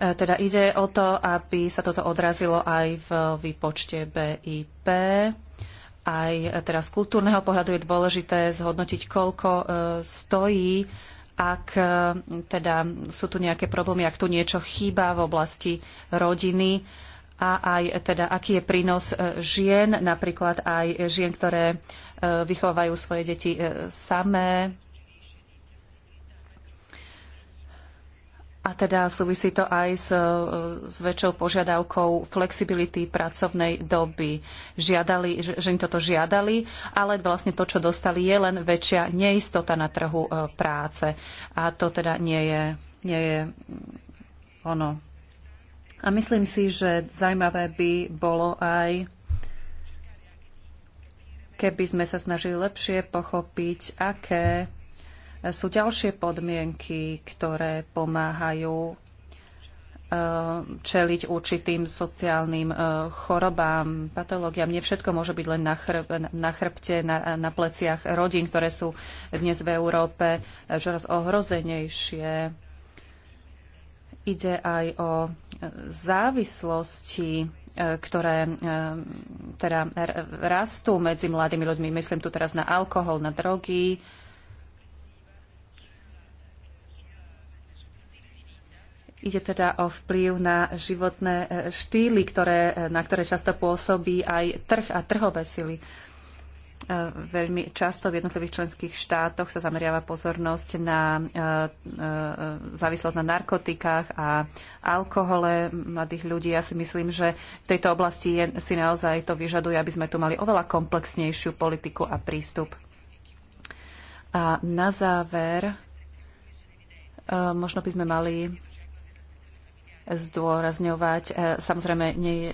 E, teda ide o to, aby sa toto odrazilo aj v výpočte BIP. Aj e, teraz z kultúrneho pohľadu je dôležité zhodnotiť, koľko e, stojí, ak teda sú tu nejaké problémy, ak tu niečo chýba v oblasti rodiny a aj teda aký je prínos žien, napríklad aj žien, ktoré vychovajú svoje deti samé, A teda súvisí to aj s, s väčšou požiadavkou flexibility pracovnej doby. Žiadali, im toto žiadali, ale vlastne to, čo dostali, je len väčšia neistota na trhu e, práce. A to teda nie je, nie je mm, ono. A myslím si, že zaujímavé by bolo aj keby sme sa snažili lepšie pochopiť, aké sú ďalšie podmienky, ktoré pomáhajú eh, čeliť určitým sociálnym eh, chorobám, patológiám. Nie všetko môže byť len na, chrb, na chrbte, na, na pleciach rodín, ktoré sú dnes v Európe eh, čoraz ohrozenejšie. Ide aj o závislosti, ktoré teda rastú medzi mladými ľuďmi. Myslím tu teraz na alkohol, na drogy, Ide teda o vplyv na životné e, štýly, ktoré, e, na ktoré často pôsobí aj trh a trhové sily. E, veľmi často v jednotlivých členských štátoch sa zameriava pozornosť na závislosť na narkotikách a alkohole mladých ľudí. Ja si myslím, že v tejto oblasti si naozaj to vyžaduje, aby sme tu mali oveľa komplexnejšiu politiku a prístup. A na záver, možno by sme mali zdôrazňovať. E, samozrejme, nie je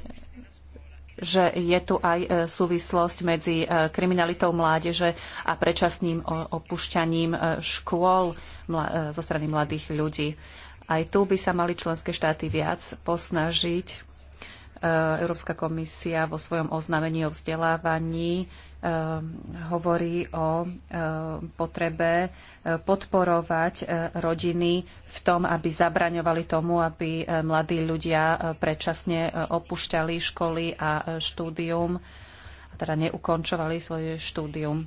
že je tu aj e, súvislosť medzi e, kriminalitou mládeže a predčasným opušťaním škôl zo strany mladých ľudí. Aj tu by sa mali členské štáty viac posnažiť. Európska komisia vo svojom oznámení o vzdelávaní Ehm, hovorí o ehm, potrebe e, podporovať e, rodiny v tom, aby zabraňovali tomu, aby e, mladí ľudia predčasne opúšťali školy a štúdium, teda neukončovali svoje štúdium.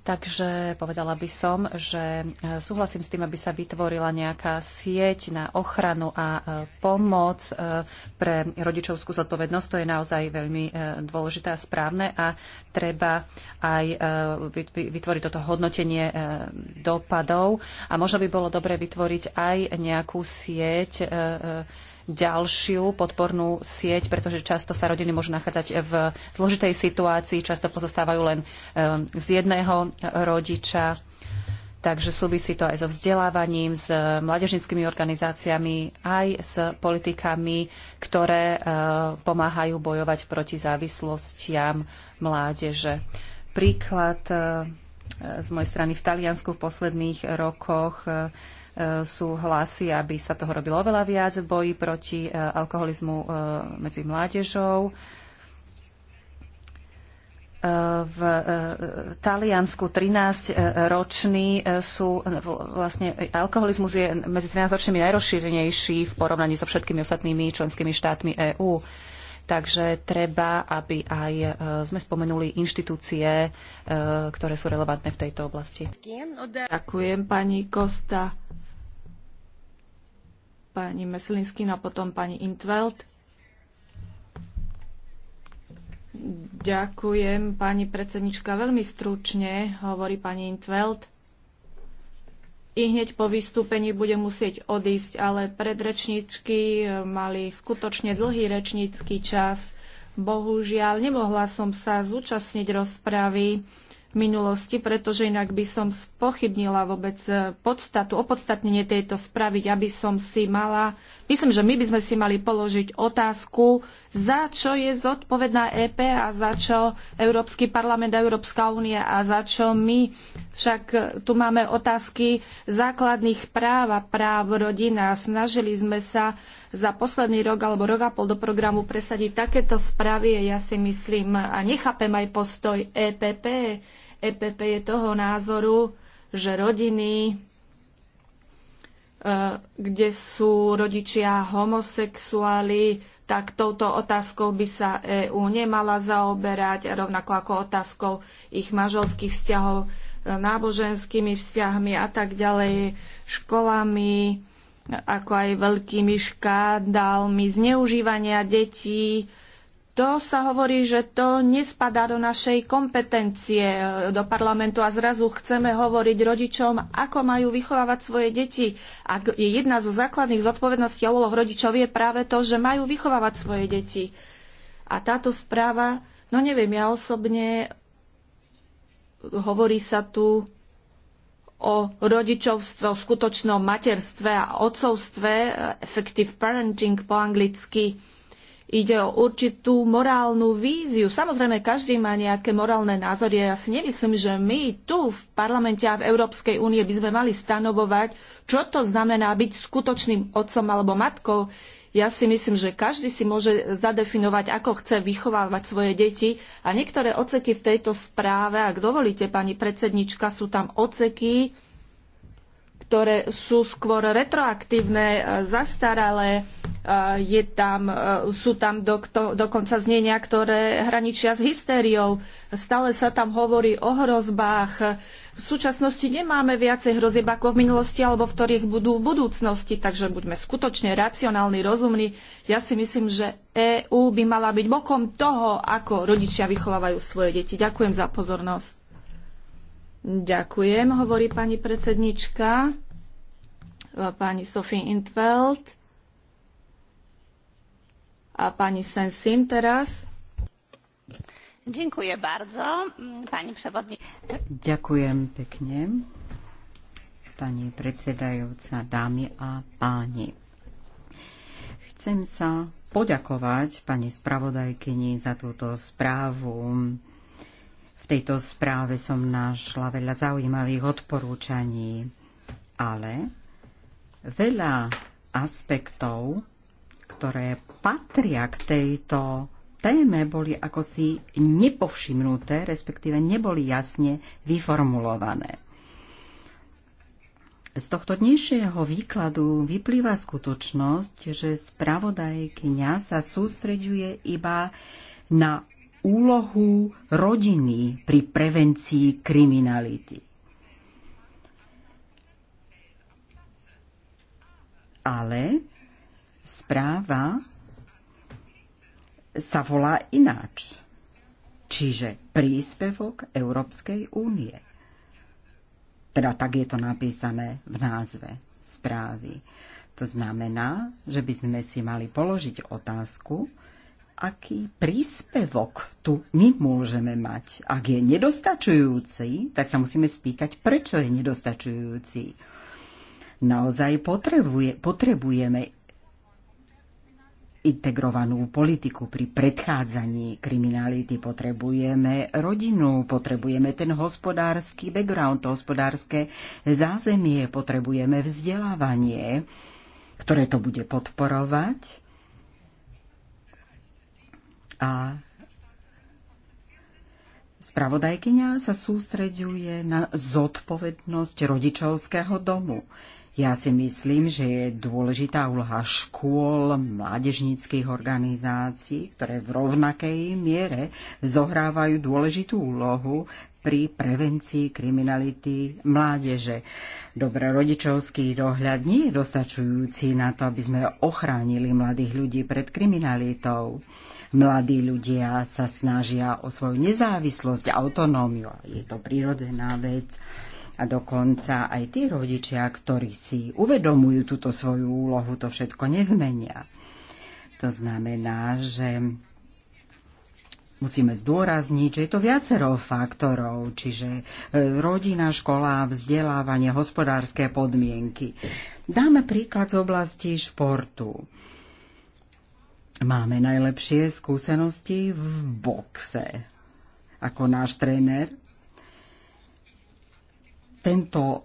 Takže povedala by som, že e, súhlasím s tým, aby sa vytvorila nejaká sieť na ochranu a e, pomoc e, pre rodičovskú zodpovednosť. To je naozaj veľmi dôležité a správne a treba aj vytvoriť toto hodnotenie dopadov. A možno by bolo dobre vytvoriť aj nejakú sieť ďalšiu podpornú sieť, pretože často sa rodiny môžu nachádzať v zložitej situácii, často pozostávajú len eh, z jedného rodiča. Takže súvisí to aj so vzdelávaním, s mládežnickými organizáciami, aj s politikami, ktoré eh, pomáhajú bojovať proti závislostiam mládeže. Príklad eh, z mojej strany v Taliansku v posledných rokoch sú hlasy, aby sa toho robilo oveľa viac v boji proti e, alkoholizmu e, medzi mládežou. E, v Taliansku 13-roční sú, vlastne alkoholizmus je medzi 13-ročnými najrozšírenejší v porovnaní so všetkými ostatnými členskými štátmi EÚ. Takže treba, aby aj sme spomenuli inštitúcie, ktoré sú relevantné v tejto oblasti. Ďakujem pani Kosta pani Meslinskin no potom pani Intveld. Ďakujem, pani predsednička. Veľmi stručne hovorí pani Intveld. I hneď po vystúpení budem musieť odísť, ale predrečníčky e, mali skutočne dlhý rečnícky čas. Bohužiaľ, nemohla som sa zúčastniť rozpravy minulosti, pretože inak by som spochybnila vôbec eh, podstatu, opodstatnenie tejto spravy, aby som si mala Myslím, že my by sme si mali položiť otázku, za čo je zodpovedná EP a za čo Európsky parlament Európska únia a za čo my. Však tu máme otázky základných práv a práv a Snažili sme sa za posledný rok alebo rok a pol do programu presadiť takéto správy. Ja si myslím a nechápem aj postoj EPP. EPP je toho názoru, že rodiny Eh, kde sú rodičia homosexuáli, tak touto otázkou by sa EÚ nemala zaoberať, rovnako ako otázkou ich manželských vzťahov, eh, náboženskými vzťahmi a tak ďalej, školami, eh, ako aj veľkými škádalmi zneužívania detí, to sa hovorí, že to nespadá do našej kompetencie e, do parlamentu a zrazu chceme hovoriť rodičom, ako majú vychovávať svoje deti. A jedna zo základných zodpovedností a úloh rodičov je práve to, že majú vychovávať svoje deti. A táto správa, no neviem, ja osobne hovorí sa tu o rodičovstve, o skutočnom materstve a otcovstve, e, effective parenting po anglicky Ide o určitú morálnu víziu. Samozrejme, každý má nejaké morálne názory. Ja si nemyslím, že my tu v parlamente a v Európskej únie by sme mali stanovovať, čo to znamená byť skutočným otcom alebo matkou. Ja si myslím, že každý si môže zadefinovať, ako chce vychovávať svoje deti a niektoré oceky v tejto správe, ak dovolíte, pani predsednička, sú tam oceky, ktoré sú skôr retroaktívne, e, zastaralé. E, je tam, e, sú tam do, to, dokonca znenia, ktoré hraničia s hysteriou. Stále sa tam hovorí o hrozbách. V súčasnosti nemáme viacej hrozieb ako v minulosti alebo v ktorých budú v budúcnosti, takže buďme skutočne racionálni, rozumní. Ja si myslím, že EÚ by mala byť bokom toho, ako rodičia vychovávajú svoje deti. Ďakujem za pozornosť. Ďakujem, hovorí pani predsednička, pani Sophie Intveld a pani Sensin teraz. Dziękuję bardzo, pani przewodnicząca. Ďakujem pekne, pani predsedajúca, dámy a páni. Chcem sa poďakovať pani spravodajkyni za túto správu tejto správe som našla veľa zaujímavých odporúčaní, ale veľa aspektov, ktoré patria k tejto téme, boli ako si nepovšimnuté, respektíve neboli jasne vyformulované. Z tohto dnešného výkladu vyplýva skutočnosť, že spravodajkňa sa sústreďuje iba na úlohu rodiny pri prevencii kriminality. Ale správa sa volá ináč, čiže príspevok Európskej únie. Teda tak je to napísané v názve správy. To znamená, že by sme si mali položiť otázku, aký príspevok tu my môžeme mať. Ak je nedostačujúci, tak sa musíme spýtať, prečo je nedostačujúci. Naozaj potrebuje, potrebujeme integrovanú politiku pri predchádzaní kriminality. Potrebujeme rodinu, potrebujeme ten hospodársky background, to hospodárske zázemie, potrebujeme vzdelávanie, ktoré to bude podporovať a Spravodajkyňa sa sústreďuje na zodpovednosť rodičovského domu. Ja si myslím, že je dôležitá úloha škôl, mládežníckých organizácií, ktoré v rovnakej miere zohrávajú dôležitú úlohu pri prevencii kriminality mládeže. Dobre, rodičovský dohľad nie je dostačujúci na to, aby sme ochránili mladých ľudí pred kriminalitou. Mladí ľudia sa snažia o svoju nezávislosť, autonómiu. Je to prirodzená vec. A dokonca aj tí rodičia, ktorí si uvedomujú túto svoju úlohu, to všetko nezmenia. To znamená, že musíme zdôrazniť, že je to viacero faktorov, čiže e, rodina, škola, vzdelávanie, hospodárske podmienky. Dáme príklad z oblasti športu. Máme najlepšie skúsenosti v boxe. Ako náš tréner. Tento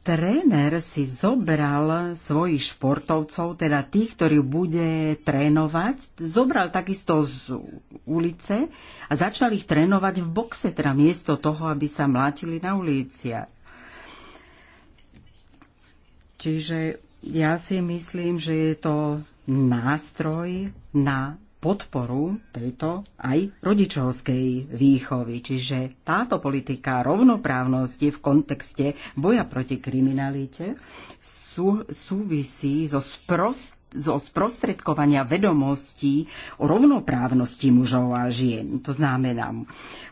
tréner si zobral svojich športovcov, teda tých, ktorí bude trénovať, zobral takisto z ulice a začal ich trénovať v boxe, teda miesto toho, aby sa mlátili na ulici. Čiže ja si myslím, že je to nástroj na podporu tejto aj rodičovskej výchovy. Čiže táto politika rovnoprávnosti v kontexte boja proti kriminalite sú, súvisí so sprost zo sprostredkovania vedomostí o rovnoprávnosti mužov a žien. To znamená,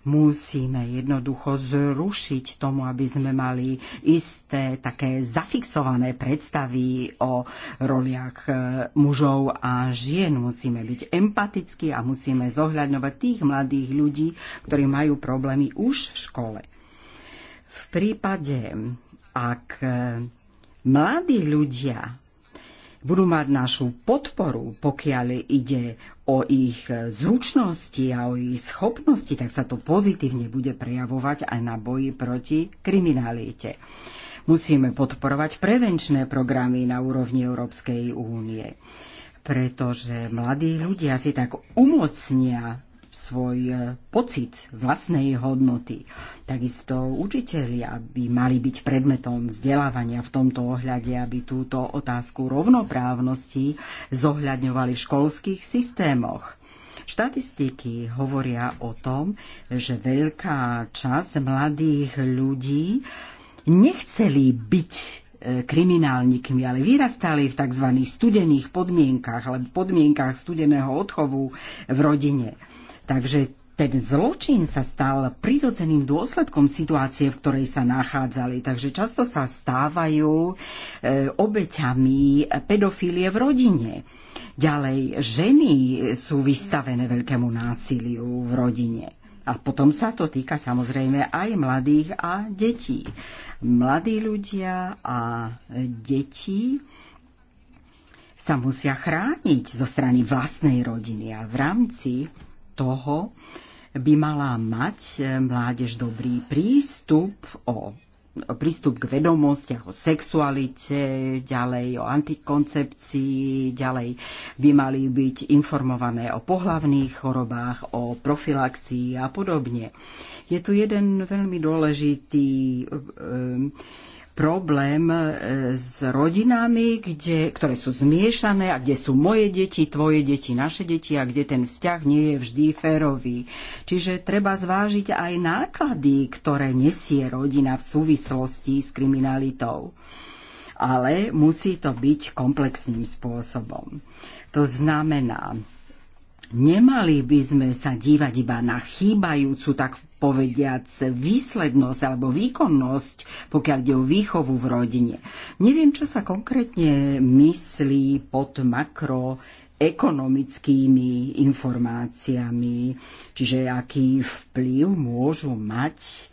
musíme jednoducho zrušiť tomu, aby sme mali isté také zafixované predstavy o roliach eh, mužov a žien. Musíme byť empatickí a musíme zohľadňovať tých mladých ľudí, ktorí majú problémy už v škole. V prípade, ak eh, mladí ľudia budú mať našu podporu, pokiaľ ide o ich zručnosti a o ich schopnosti, tak sa to pozitívne bude prejavovať aj na boji proti kriminalite. Musíme podporovať prevenčné programy na úrovni Európskej únie, pretože mladí ľudia si tak umocnia svoj e, pocit vlastnej hodnoty. Takisto učitelia by mali byť predmetom vzdelávania v tomto ohľade, aby túto otázku rovnoprávnosti zohľadňovali v školských systémoch. Štatistiky hovoria o tom, že veľká časť mladých ľudí nechceli byť e, kriminálnikmi, ale vyrastali v tzv. studených podmienkach, alebo podmienkach studeného odchovu v rodine. Takže ten zločin sa stal prirodzeným dôsledkom situácie, v ktorej sa nachádzali. Takže často sa stávajú e, obeťami pedofílie v rodine. Ďalej, ženy sú vystavené veľkému násiliu v rodine. A potom sa to týka samozrejme aj mladých a detí. Mladí ľudia a deti sa musia chrániť zo strany vlastnej rodiny a v rámci toho by mala mať eh, mládež dobrý prístup o prístup k vedomostiach o sexualite, ďalej o antikoncepcii, ďalej by mali byť informované o pohlavných chorobách, o profilaxii a podobne. Je tu jeden veľmi dôležitý e, problém e, s rodinami, kde, ktoré sú zmiešané a kde sú moje deti, tvoje deti, naše deti a kde ten vzťah nie je vždy férový. Čiže treba zvážiť aj náklady, ktoré nesie rodina v súvislosti s kriminalitou ale musí to byť komplexným spôsobom. To znamená, nemali by sme sa dívať iba na chýbajúcu, tak povediac výslednosť alebo výkonnosť, pokiaľ ide o výchovu v rodine. Neviem, čo sa konkrétne myslí pod makro ekonomickými informáciami, čiže aký vplyv môžu mať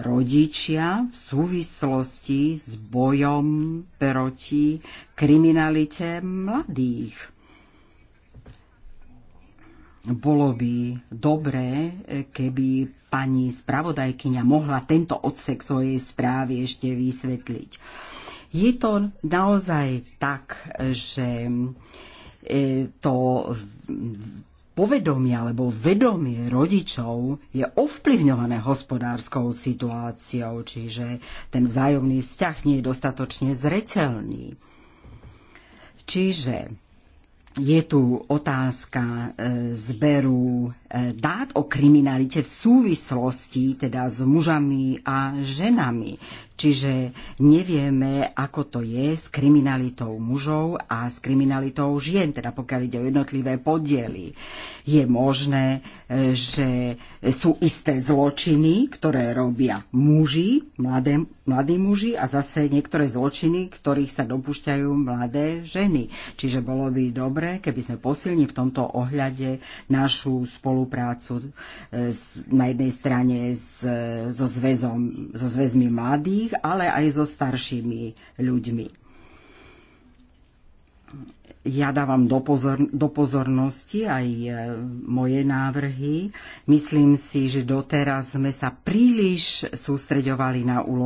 rodičia v súvislosti s bojom proti kriminalite mladých. Bolo by dobré, e, keby pani spravodajkyňa mohla tento odsek svojej správy ešte vysvetliť. Je to naozaj tak, že e, to povedomie alebo vedomie rodičov je ovplyvňované hospodárskou situáciou, čiže ten vzájomný vzťah nie je dostatočne zreteľný. Čiže je tu otázka e, zberu dát o kriminalite v súvislosti teda s mužami a ženami. Čiže nevieme, ako to je s kriminalitou mužov a s kriminalitou žien, teda pokiaľ ide o jednotlivé podiely. Je možné, e, že sú isté zločiny, ktoré robia muži, mladé, mladí muži a zase niektoré zločiny, ktorých sa dopúšťajú mladé ženy. Čiže bolo by dobre, keby sme posilnili v tomto ohľade našu spoločnosť spoluprácu e, na jednej strane s, so, zväzom, so zväzmi mladých, ale aj so staršími ľuďmi ja dávam do, pozor, do pozornosti aj e, moje návrhy. Myslím si, že doteraz sme sa príliš sústreďovali na úlohu